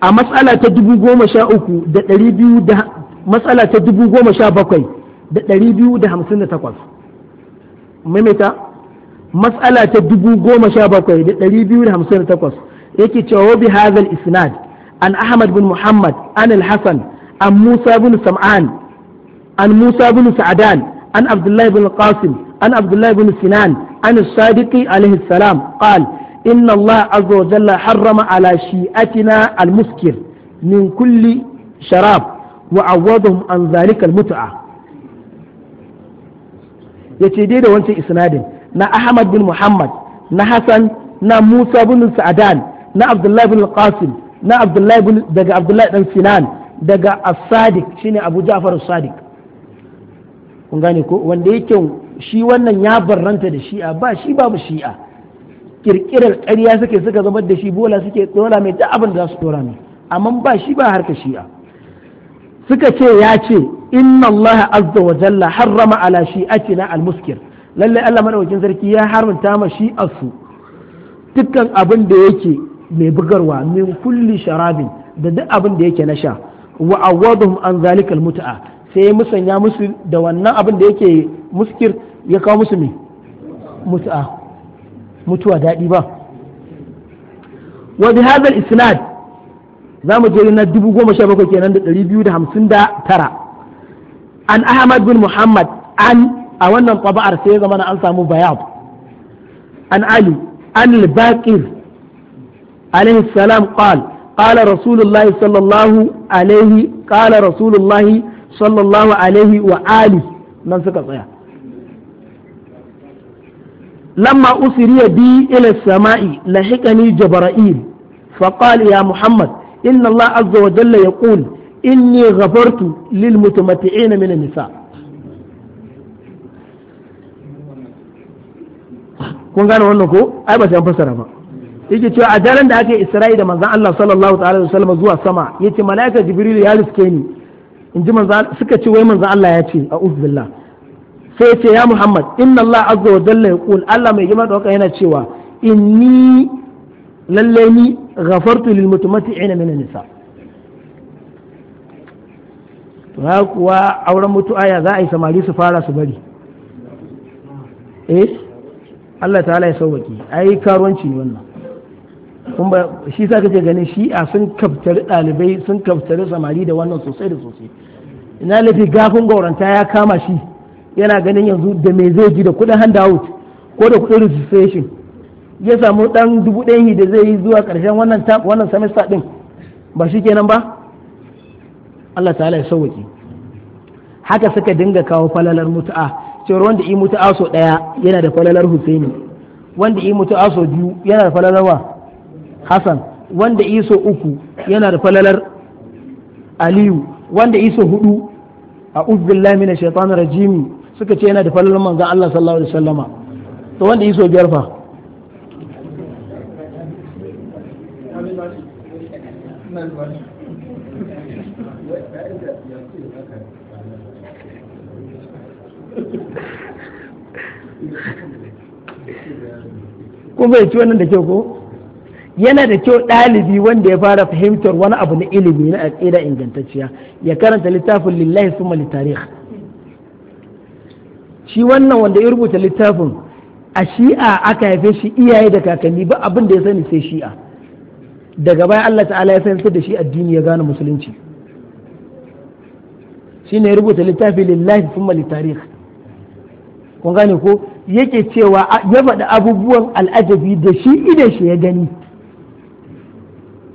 a matsala ta dubu goma sha uku da ɗari biyu da matsala ta dubu goma sha bakwai da ɗari biyu da hamsin da takwas maimaita matsala ta dubu goma sha bakwai da ɗari biyu da hamsin da takwas yake cewa bi hazal isnad an ahmad bin muhammad an al-hasan an musa bin sam'an an musa bin sa'adan an abdullahi bin qasim an abdullahi bin sinan an sadiqi alaihi salam qal إن الله عز وجل حرم على شيئتنا المسكر من كل شراب wa awwadhum an zalika yace dai da wancan isnadin na Ahmad bin Muhammad na Hassan na Musa bin Sa'dan na Abdullah bin Qasim na Abdullah bin daga Abdullah dan Sinan daga As-Sadiq shine Abu Ja'far As-Sadiq kun gane ko wanda yake shi wannan ya barranta da shi'a ba shi babu shi'a kirkirar ƙarya suke suka zama da shi bola suke dora mai da abin da za su dora mai amma ba shi ba harka shi'a suka ce ya ce inna Allah azza wa jalla harrama ala shi'atina na muskir lalle Allah madaukakin sarki ya haramta ma shi'arsu dukkan abin da yake mai bugarwa min kulli sharabin da duk abin da yake na sha wa awwadahum an zalikal mut'a sai ya musanya musu da wannan abin da yake muskir ya kawo musu me mut'a mutuwa daɗi ba wa bi hadha isnad za mu je na dubu goma sha bakwai kenan da ɗari biyu da hamsin da tara an ahmad bin muhammad an a wannan taba'ar sai ya zama na an samu bayab an ali an al-baqir alaihi salam qal qala rasulullah sallallahu alaihi qala rasulullah sallallahu alaihi wa ali nan suka tsaya لما أسري بي إلى السماء لحقني جبرائيل فقال يا محمد inna Allah azza wa jalla yaqul inni ghafartu lil mutamatti'ina min nisa kun gane wannan ko ai ba ta fassara ba yake cewa a daren da aka yi Isra'i da manzon Allah sallallahu ta'ala alaihi wasallam zuwa sama yace malaika Jibril ya riske ni in ji manzon suka ce wai manzon Allah ya ce a billah sai ya ce ya Muhammad inna Allah azza wa jalla yaqul Allah mai girma da yana cewa inni lallai ni ghafartu lil ina min nisa to ha kuwa auren mutu aya za a yi samari su fara su bari eh Allah ta'ala ya sauwaki ai karuwanci ne wannan kun ba shi sa kace ganin a sun kaftari dalibai sun kaftari samari da wannan sosai da sosai ina lafi gafin gauranta ya kama shi yana ganin yanzu da me zai ji da kudin handout ko da kudin registration ya samu dan dubu ɗaya da zai yi zuwa ƙarshen wannan wannan semester din ba shi kenan ba Allah ta'ala ya sauwaki haka suka dinga kawo falalar mutu'a cewar wanda yi mutu'a so ɗaya yana da falalar Husaini wanda yi mutu'a so biyu yana da falalar wa Hassan wanda yi so uku yana da falalar Aliyu wanda yi so hudu a uzbillahi minash shaitanir rajim suka ce yana da falalar manzon Allah sallallahu alaihi wasallama to wanda yi so biyar fa ko bai ci wannan da kyau ko yana da kyau ɗalibi wanda ya fara fahimtar wani abu na ilimi na aƙida ingantacciya ya karanta littafin lillahi suma tarihi. shi wannan wanda ya rubuta littafin a shi'a aka haife shi iyaye da kakanni ba abin da ya sani sai shi'a daga baya Allah ta'ala ya fahimtar da shi addini ya gane musulunci ne ya rubuta littafi lillahi thumma litarikh kun gane ko yake cewa ya faɗi abubuwan al'ajabi da shi idan shi ya gani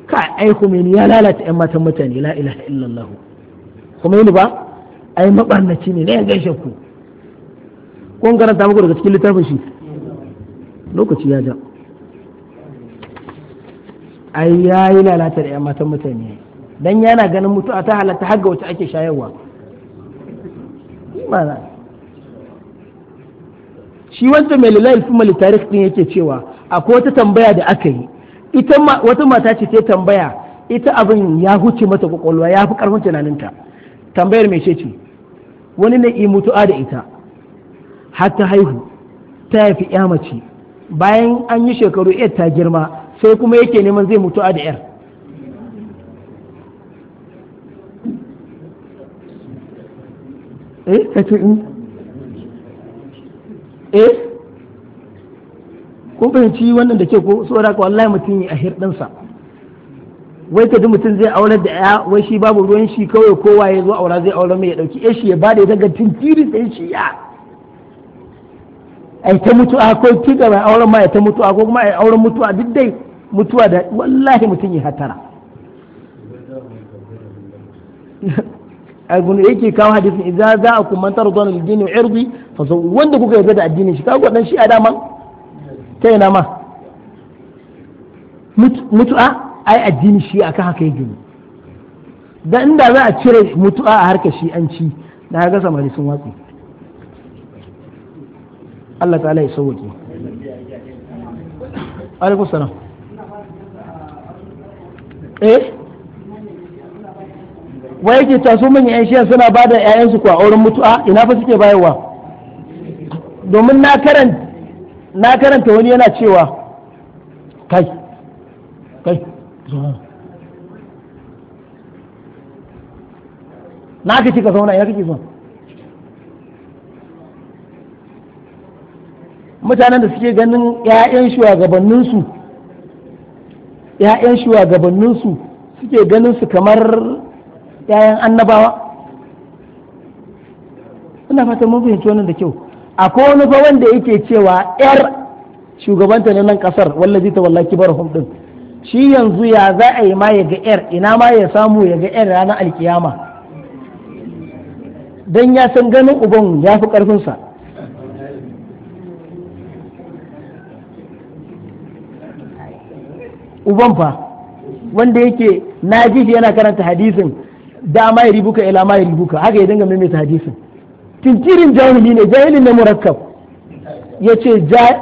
ka ai kuma ya lalata 'yan matan mutane la ilaha illallah Khomeini ba ai mabarnaci ne ne ya gaishe ku kun ta muku daga cikin littafin shi lokaci ya ja ai yayi lalata da 'yan matan mutane dan yana ganin mutu'a ta halatta har ga ake shayarwa imana shi wanda mai lalai fi mali din yake cewa akwai wata tambaya da aka yi ita wata mata ce ta tambaya ita abin ya huce mata kwakwalwa ya fi karfin tunaninta tambayar mai ce wani ne mutu'a da ita har ta haihu ta haifi ya mace bayan an yi shekaru iya ta girma sai kuma yake neman zai mutu a da yar eh ce in eh kun fahimci wannan da ke ko saboda ka wallahi mutum yi a hirɗinsa wai ka ji mutum zai aurar da ya wai shi babu ruwan shi kawai kowa ya zo aura zai aura mai ya ɗauki? ya shi ya bada ya daga tintiri sai shi ya ai ta mutuwa ko tuka mai auren ma ya ta mutuwa ko kuma ai auren mutuwa duk dai mutuwa da wallahi mutum ya hatara abin yake kawo hadisin idza za a kuma tar zuwa addini jini irbi wanda kuka yarda da addinin shi kawo dan shi a dama ta yana ma mutu'a ai addini shi akan haka ya gini da inda za a cire mutu'a a harkar shi an ci da ga samari sun watsi Allah ta'ala ya sauwaki alaikum eh wai ke ta su manyan shiyan suna ba da 'ya'yansu kwa auren mutu'a ina fa suke bayarwa domin na karanta wani yana cewa kai kai na ka ka zauna ina kake son mutanen da suke ganin 'ya'yan shugabanninsu ‘ya'yan shugabanninsu suke ganin su kamar ‘ya'yan annabawa ina fatan mun fahimci wannan da kyau akwai wani fa wanda yake cewa ‘yar shugabanta na nan ƙasar wallazi ta wallaki bar din shi yanzu ya za a yi ma ya ‘yar ina ma ya samu ya ga ‘yar ranar alkiyama don ya san ganin uban ya fi ƙarfinsa uban fa wanda yake na ji shi yana karanta hadisin da ma ya ribuka ila ma ya ribuka haka ya dinga maimaita hadisin tintirin jahili ne jahilin ne murakkab yace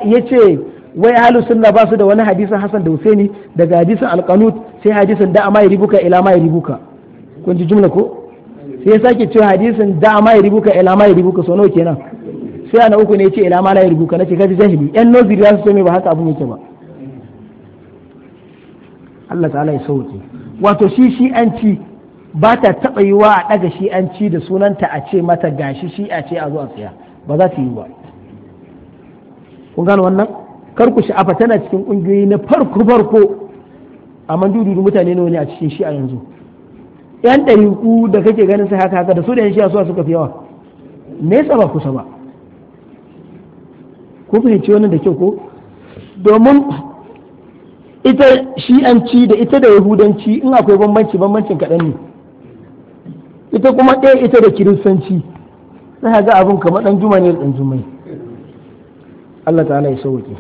yace wai ahlus sunna ba su da wani hadisin hasan da Husaini daga hadisin alqanut sai hadisin da ma ya ribuka ila ma ya ribuka kun ji jumla ko sai ya sake cewa hadisin da ma ya ribuka ila ma ya ribuka sono nawa kenan sai ana uku ne ya ce ila ma la ya ribuka nace kaji jahili yan noziri za su so me ba haka abun yake ba Allah ta'ala ya sauke wato shi shi'anci ba ta taɓa yi wa a ɗaga shi'anci da sunanta a ce mata gashi shi'a ce a zuwa tsaya ba za ta yi ba kun gano wannan kar ku sha'afa tana cikin ƙungiyoyi na farko farko amma dudu mutane nawa ne a cikin shi'a yanzu yan ɗariku da kake ganin sai haka haka da su da yan shi'a suwa suka fi yawa yasa ba kusa ba ku fahimci wannan da kyau ko domin ita shi'anci da ita da yahudanci in akwai bambanci bambancin kaɗan ne ita kuma ɗaya ita da kiristanci za ga abin kamar ɗan juma ne ɗan jumai Allah ta'ala ya sauke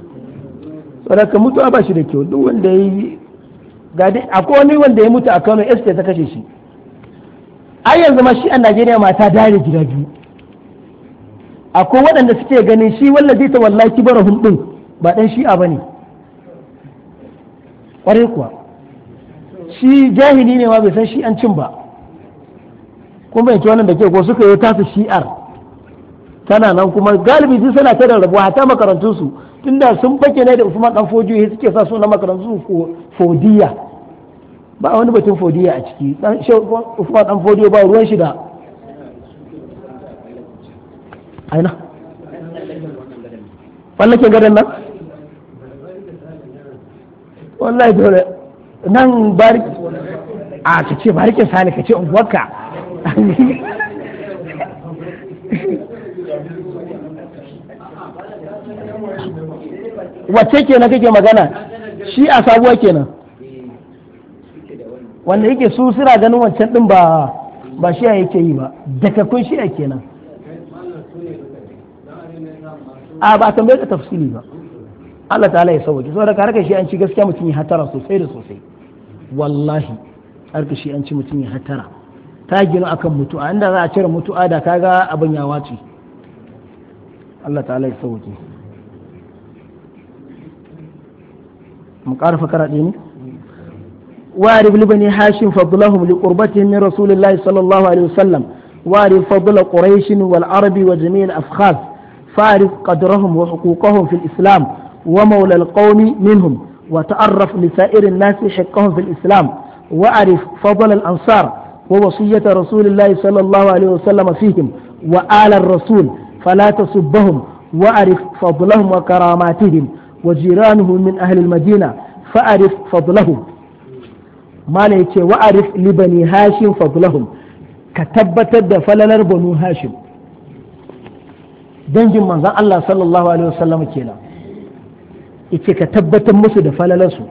saboda mutuwa ba shi da kyau duk wanda ya yi akwai wani wanda ya mutu a Kano SK ta kashe shi ai yanzu ma shi a Najeriya mata da dare gida biyu akwai waɗanda suke ganin shi wallazi ta wallahi kibarahum din ba ɗan shi'a ba ne kwarai kuwa shi jahili ne ma bai san shi an cin ba kuma bai wannan da ke ko suka yi tasu shi'ar tana nan kuma galibi sun sana ta da rabuwa hata makarantunsu tunda sun bake ne da usman dan ya suke sa suna makarantunsu fodiya ba wani batun fodiya a ciki dan usman dan fodiyo ba ruwan shi da aina fallakin gadon nan wallahi dole nan bari a ka ce barikin sani ka ce unguwarka wacce kenan kake magana shi a sabuwa kenan wanda yake su suna ganin wancan din ba ba shi yake yi ba daga kun shi kenan a ba tambaye ka tafsiri ba Allah ta'ala ya sauke saboda ka harkar shi an ci gaskiya mutum ya hatara sosai da sosai wallahi harkar shi an ci mutum ya hatara ta gina akan mutu'a inda za a cire mutu'a da kaga abin ya wace Allah ta'ala ya sauke mu ƙara fakara ɗaya ne وأعرف لبني هاشم فضلهم لقربتهم من رسول الله صلى الله عليه وسلم وأعرف فضل قريش والعرب وجميع الأفخاذ فأعرف قدرهم وحقوقهم في الإسلام ومولى القوم منهم وتعرف لسائر الناس حقهم في الإسلام وأعرف فضل الأنصار ووصية رسول الله صلى الله عليه وسلم فيهم وآل الرسول فلا تسبهم وأعرف فضلهم وكراماتهم وجيرانه من أهل المدينة فأعرف فضلهم ما نيتي وأعرف لبني هاشم فضلهم كتبت فلنر بنو هاشم دنجم من الله صلى الله عليه وسلم كينا yace ka tabbatar musu da falalarsu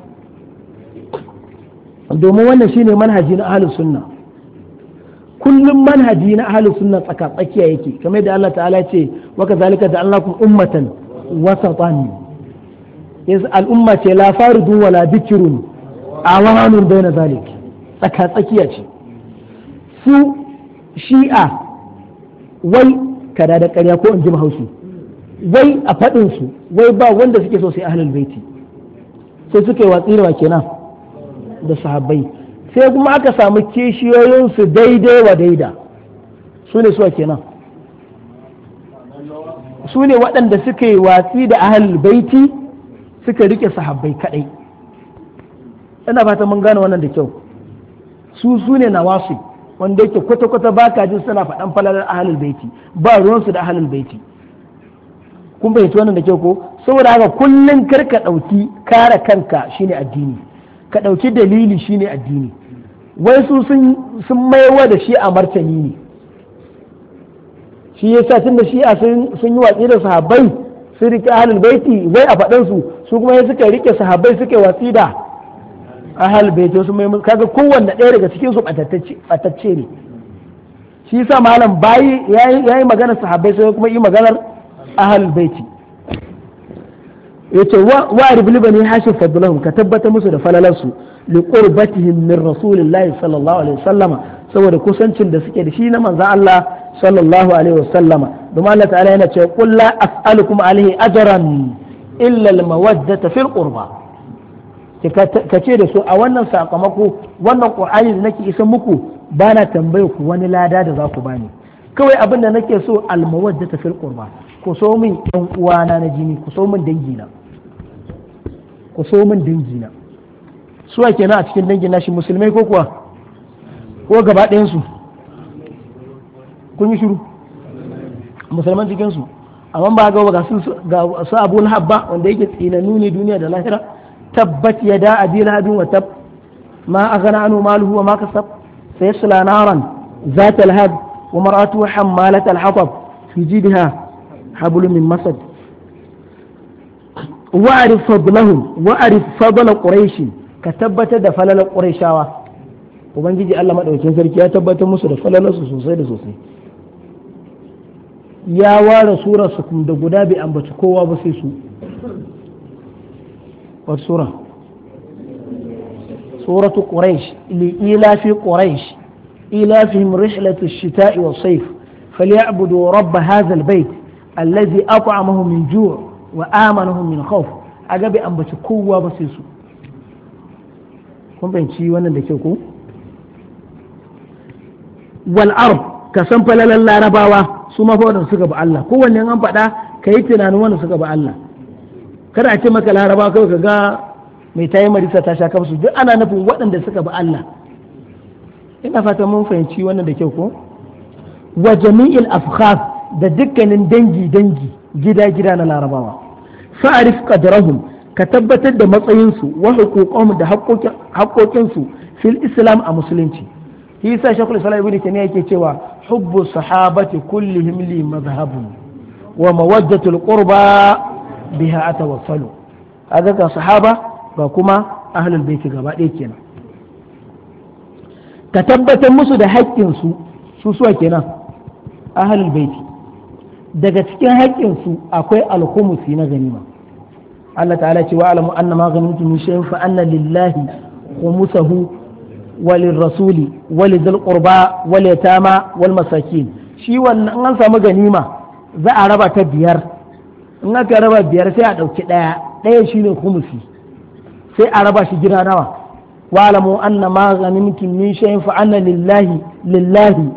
domin wannan shine manhaji na ahlus sunna kullum manhaji na ahlus sunna tsaka tsakiya yake kamar da Allah ta'ala ce wa kazalika ja'alnakum ummatan wasatan yanzu al'umma ce la faridu la bikirun awanun bayna zalik tsaka tsakiya ce su shi'a wai kada da Karya ko in ji mahaushi wai a faɗin su wai ba wanda suke so sai ahlul baiti sai suke watsi da kenan da sahabbai sai kuma aka samu kishiyoyin su daidai wa daida su ne suwa kenan su ne waɗanda suka watsi da ahlul baiti suka rike sahabbai kadai ina fata mun gane wannan da kyau su su ne wasu wanda yake kwata-kwata ba ka jin suna faɗan falalar ahlul baiti ba ruwansu da ahlul baiti kun fahimci wannan da ke ko saboda haka kullum kar ka ɗauki kare kanka shine addini ka ɗauki dalili shine addini wai su sun maiwa da shi a martani ne shi yasa tun da a sun yi watsi da sahabbai sun rike ahlul baiti wai a faɗansu su kuma suka rike sahabbai suka watsi da ahlul baiti su mai kaga kowanne ɗaya daga cikin su batacce ne shi yasa malam bayi yayi magana sahabbai sai kuma yi maganar ahal baiti yace wa ribli bani hashim fadlahum ka tabbata musu da su li qurbatihim min rasulillahi sallallahu alaihi wasallama saboda kusancin da suke da shi na manzon Allah sallallahu alaihi wasallama domin Allah ta'ala yana cewa qul la as'alukum alaihi ajran illa al mawaddata fil qurba ka ce da su a wannan sakamako wannan qur'ani da nake isa muku bana tambaye ku wani lada da za ku bani kawai abin da nake so al mawaddata fil qurba ku so min ɗan uwana na jini ku so min dangina ku so min dangina su a kenan a cikin dangin nashi musulmai ko kuwa ko gaba ɗayansu kun yi shiru musulman cikinsu amma ba ga ga su abu habba wanda yake tsinannu ne duniya da lahira tabbat ya da abi lahabin wa tab ma aghna anu maluhu wa ma kasab sayasla naran wa maratu hammalat al hatab fi jidha hablum min masad wa'arif fadlahum wa'arif fadla quraish ka tabbatar da falalar quraishawa ubangiji Allah madaukakin sarki ya tabbatar musu da falalarsu sosai da sosai ya ware sura su da guda bai ambaci kowa ba sai su wata sura suratu quraish li ilafi quraish ilafihim rihlatu shita'i was sayf falyabudu rabb hadha albayt allazi at'amahum min ju' wa amanahum min khawf aga bai ambaci kowa ba sai su kun banci wannan da ke ko wal arab ka san falalan larabawa su ma fa wadanda suka ba Allah kowanne an faɗa ka yi tunanin wanda suka ba Allah kada a ce maka larabawa kawai ka ga mai tayi marisa ta sha kafa su duk ana nufin waɗanda suka ba Allah ina fata mun fahimci wannan da kyau ko wa jami'il afkhaf da dukkanin dangi dangi gida gida na larabawa fa'arif qadrahum ka tabbatar da matsayinsu wa huquqahum da haƙoƙinsu fil islam a musulunci shi yasa shekul islam ibn taymiya yake cewa hubbu sahabati kullihim li madhhabun wa mawaddatul qurba biha atawassalu kaga ga sahaba ga kuma ahlul baiti gaba ɗaya kenan ka tabbatar musu da haƙƙinsu su suwa kenan ahlul baiti daga cikin haƙƙinsu akwai alhumusi na ganima Allah ta'ala ce wa alamu anna ma ganimtum min shay'in fa anna lillahi khumusahu wa lirrasuli wa lidhil qurba wa yatama wal masakin shi wannan an samu ganima za a raba ta biyar in aka raba biyar sai a ɗauki ɗaya ɗaya shine khumusi sai a raba shi gida nawa wa alamu anna ma min shay'in fa anna lillahi lillahi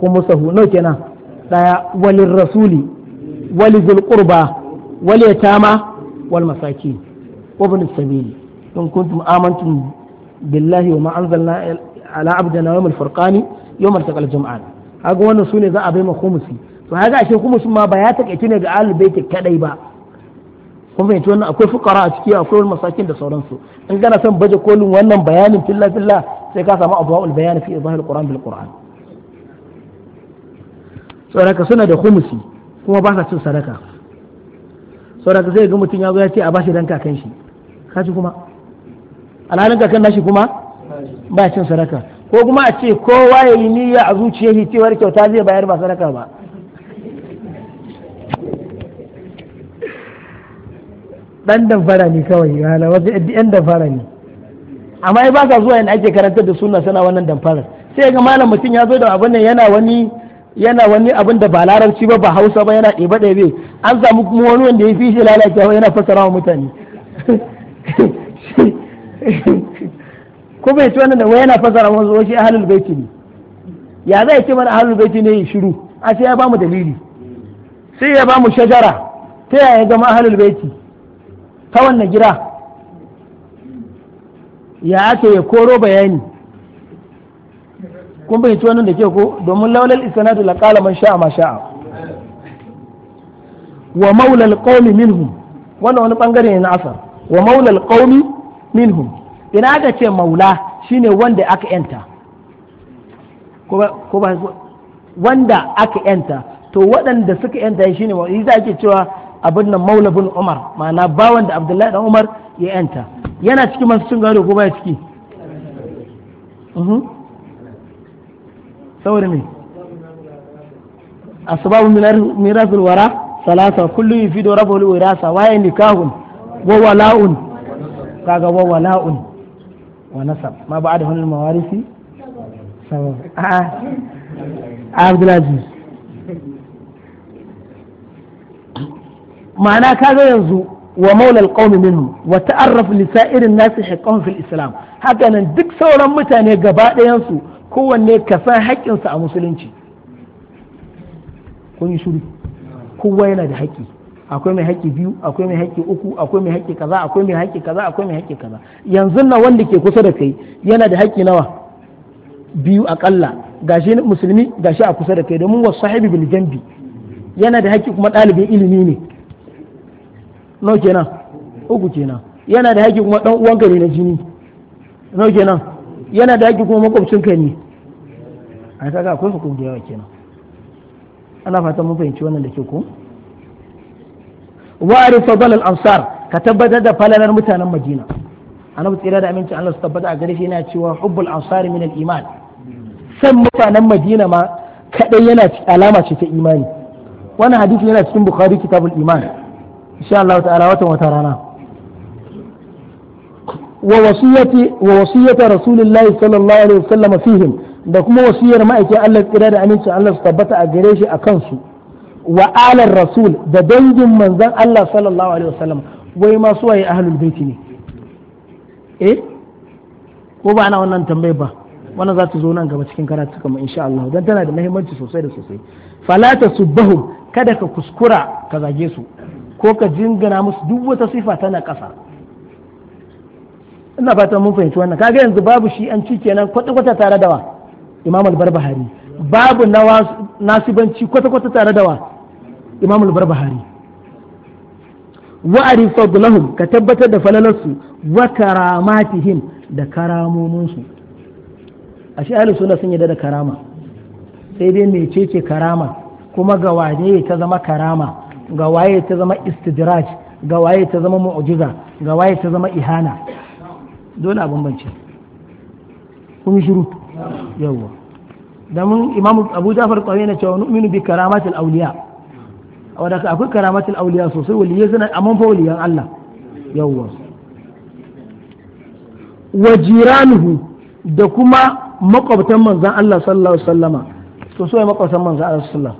khumusahu no kenan daya walin rasuli wali zul qurba wal yatama wal masakin wabn sabili in kuntum amantum billahi wa ma anzalna ala abdina yawm al furqani yawm al taqal jam'an haga wannan sune za a bai ma khumusi to haga ashe khumusin ma ba ya takaice ne ga ahlul bait kadai ba kuma fahimci wannan akwai fukara a ciki akwai wani masakin da sauransu in kana son baje kolin wannan bayanin filla filla sai ka samu abuwa bayani fi izahir qur'an bil qur'an sadaka suna da humusi kuma ba sa cin sadaka sadaka sai ga mutum ya zo ya ce a bashi dan kakan shi kashi kuma alhalin kakan nashi kuma ba cin sadaka ko kuma a ce kowa ya yi niyya a shi cewar kyauta zai bayar ba sadaka ba dan damfara ne kawai yana wasu yan damfara ne amma ba sa zuwa yana ake karantar da suna sana wannan fara sai ga malam mutum ya zo da abin nan yana wani yana wani abin da ba larabci ba ba hausa ba yana ɗebe ɗebe an samu kuma wani wanda ya fi shi ba yana fassara wa mutane kuma bai ci wannan wai yana fassara wa zuwa shi ahlul baiti ne ya zai ce mana ahalul baiti ne ya shiru a sai ya ba mu dalili sai ya ba mu shajara ta yaya zama ahalul baiti ta wannan gida ya ake ya koro bayani kun bayyanci wannan da ke ko domin laulal isnadu la kala man sha'a ma sha'a wa maulal qaumi minhum wannan wani bangare ne na asar wa maulal qaumi minhum ina aka ce maula shine wanda aka yanta ko ba wanda aka yanta to waɗanda suka yanta shine wa yi ake cewa abin nan maula bin umar ma'ana bawan da abdullahi dan umar ya yanta yana cikin masu cin gado ko ba ya ciki mhm. saboda me asbabu mirasul wara salasa kullu yufidu rabbul wirasa waye nikahun wa wala'un kaga wa wala'un wa nasab ma ba'da hunal mawarisi sabab a Abdulaziz ma'ana kaga yanzu wa maulal qaumi minhum wa ta'arraf li sa'irin nasi haqqahum fil islam haka nan duk sauran mutane gaba ɗayan su kowanne ka san haƙƙinsa a musulunci kun yi shiru kowa yana da haƙƙi akwai mai haƙƙi biyu akwai mai haƙƙi uku akwai mai haƙƙi kaza akwai mai haƙƙi kaza akwai mai haƙƙi kaza yanzu na wanda ke kusa da kai yana da haƙƙi nawa biyu akalla gashi musulmi gashi a kusa da kai domin wasu sahibi bil jambi yana da haƙƙi kuma ɗalibin ilimi ne no kenan uku kenan yana da haƙƙi kuma ɗan uwanka ne na jini no kenan yana da daki kuma makwabcin ka ne a kaga akwai hukum da yawa kenan ana fatan mun fahimci wannan da ke ku wa'arif fadal al-ansar ka tabbatar da falalar mutanen Madina annabi tsira da aminci Allah su tabbata a gare shi yana cewa hubbul ansari min al-iman san mutanen Madina ma kadai yana alama ce ta imani wannan hadisi yana cikin Bukhari kitabul iman insha Allah ta'ala watan wata rana Wa ووصية رسول الله صلى الله عليه da kuma wasiyar ma'aikin Allah tsira da amincin Allah su tabbata a gare shi a kansu wa alar rasul da dangin manzon Allah sallallahu alaihi wasallam wai ma su waye ahlul baiti ne eh ko ba ana wannan tambayi ba wannan za ta zo nan gaba cikin karatu kamar insha Allah dan tana da muhimmanci sosai da sosai fala tasubbahu kada ka kuskura ka zage su ko ka jingana musu duk wata sifa tana ƙasa ina fatan mun fahimci wannan kaga yanzu babu shi an ci kenan kwata-kwata tare da wa imam al-barbahari babu nasibanci kwata-kwata tare da wa imam al-barbahari wa'ari fadlahum ka tabbatar da falalarsu wa karamatihim da karamominsu a shi ahli sunna sun yadda da karama sai dai mecece karama kuma ga ta zama karama ga waye ta zama istidraj ga waye ta zama mu'jiza ga waye ta zama ihana dole a bambance kun shiru yawwa domin imamu abu jafar kwaye na cewa nu'minu bi karamatil auliya wadda ka akwai karamatil auliya sosai waliyai suna amman fa waliyan Allah yawwa wa jiranuhu da kuma makwabtan manzan Allah sallallahu alaihi wasallama to so ya makwabtan manzan Allah sallallahu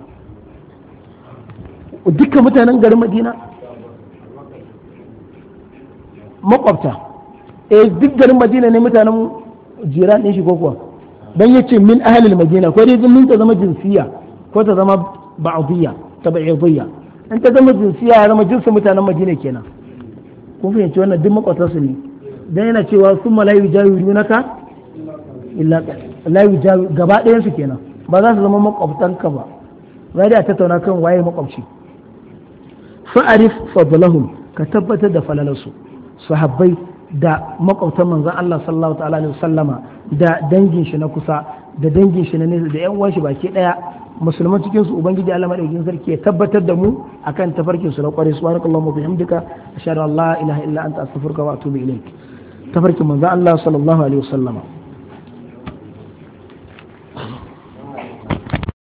dukkan mutanen garin Madina makwabta eh duk garin madina ne mutanen jiran ɗin shi ko kuwa dan yace min ahlil madina ko dai min ta zama jinsiya ko ta zama ba'diyya tabi'iyya in ta zama jinsiya ya zama jinsin mutanen madina kenan kun fahimci wannan duk su ne dan yana cewa sun summa la yujawirunaka illa malai yujawi gaba ɗayan su kenan ba za su zama ka ba zai dai a tattauna kan waye makwabci fa'arif fadlahum ka tabbatar da falalarsu sahabbai da makwabtan manzon Allah sallallahu ta'ala alaihi wasallama da dangin shi na kusa da dangin shi na nesa da yan uwan shi baki daya musulman cikin su ubangiji Allah madaukakin sarki ya tabbatar da mu akan tafarkin su na kware subhanakallahumma wa bihamdika ashhadu an la ilaha illa anta astaghfiruka wa atubu ilaik tafarkin manzon Allah sallallahu alaihi wasallama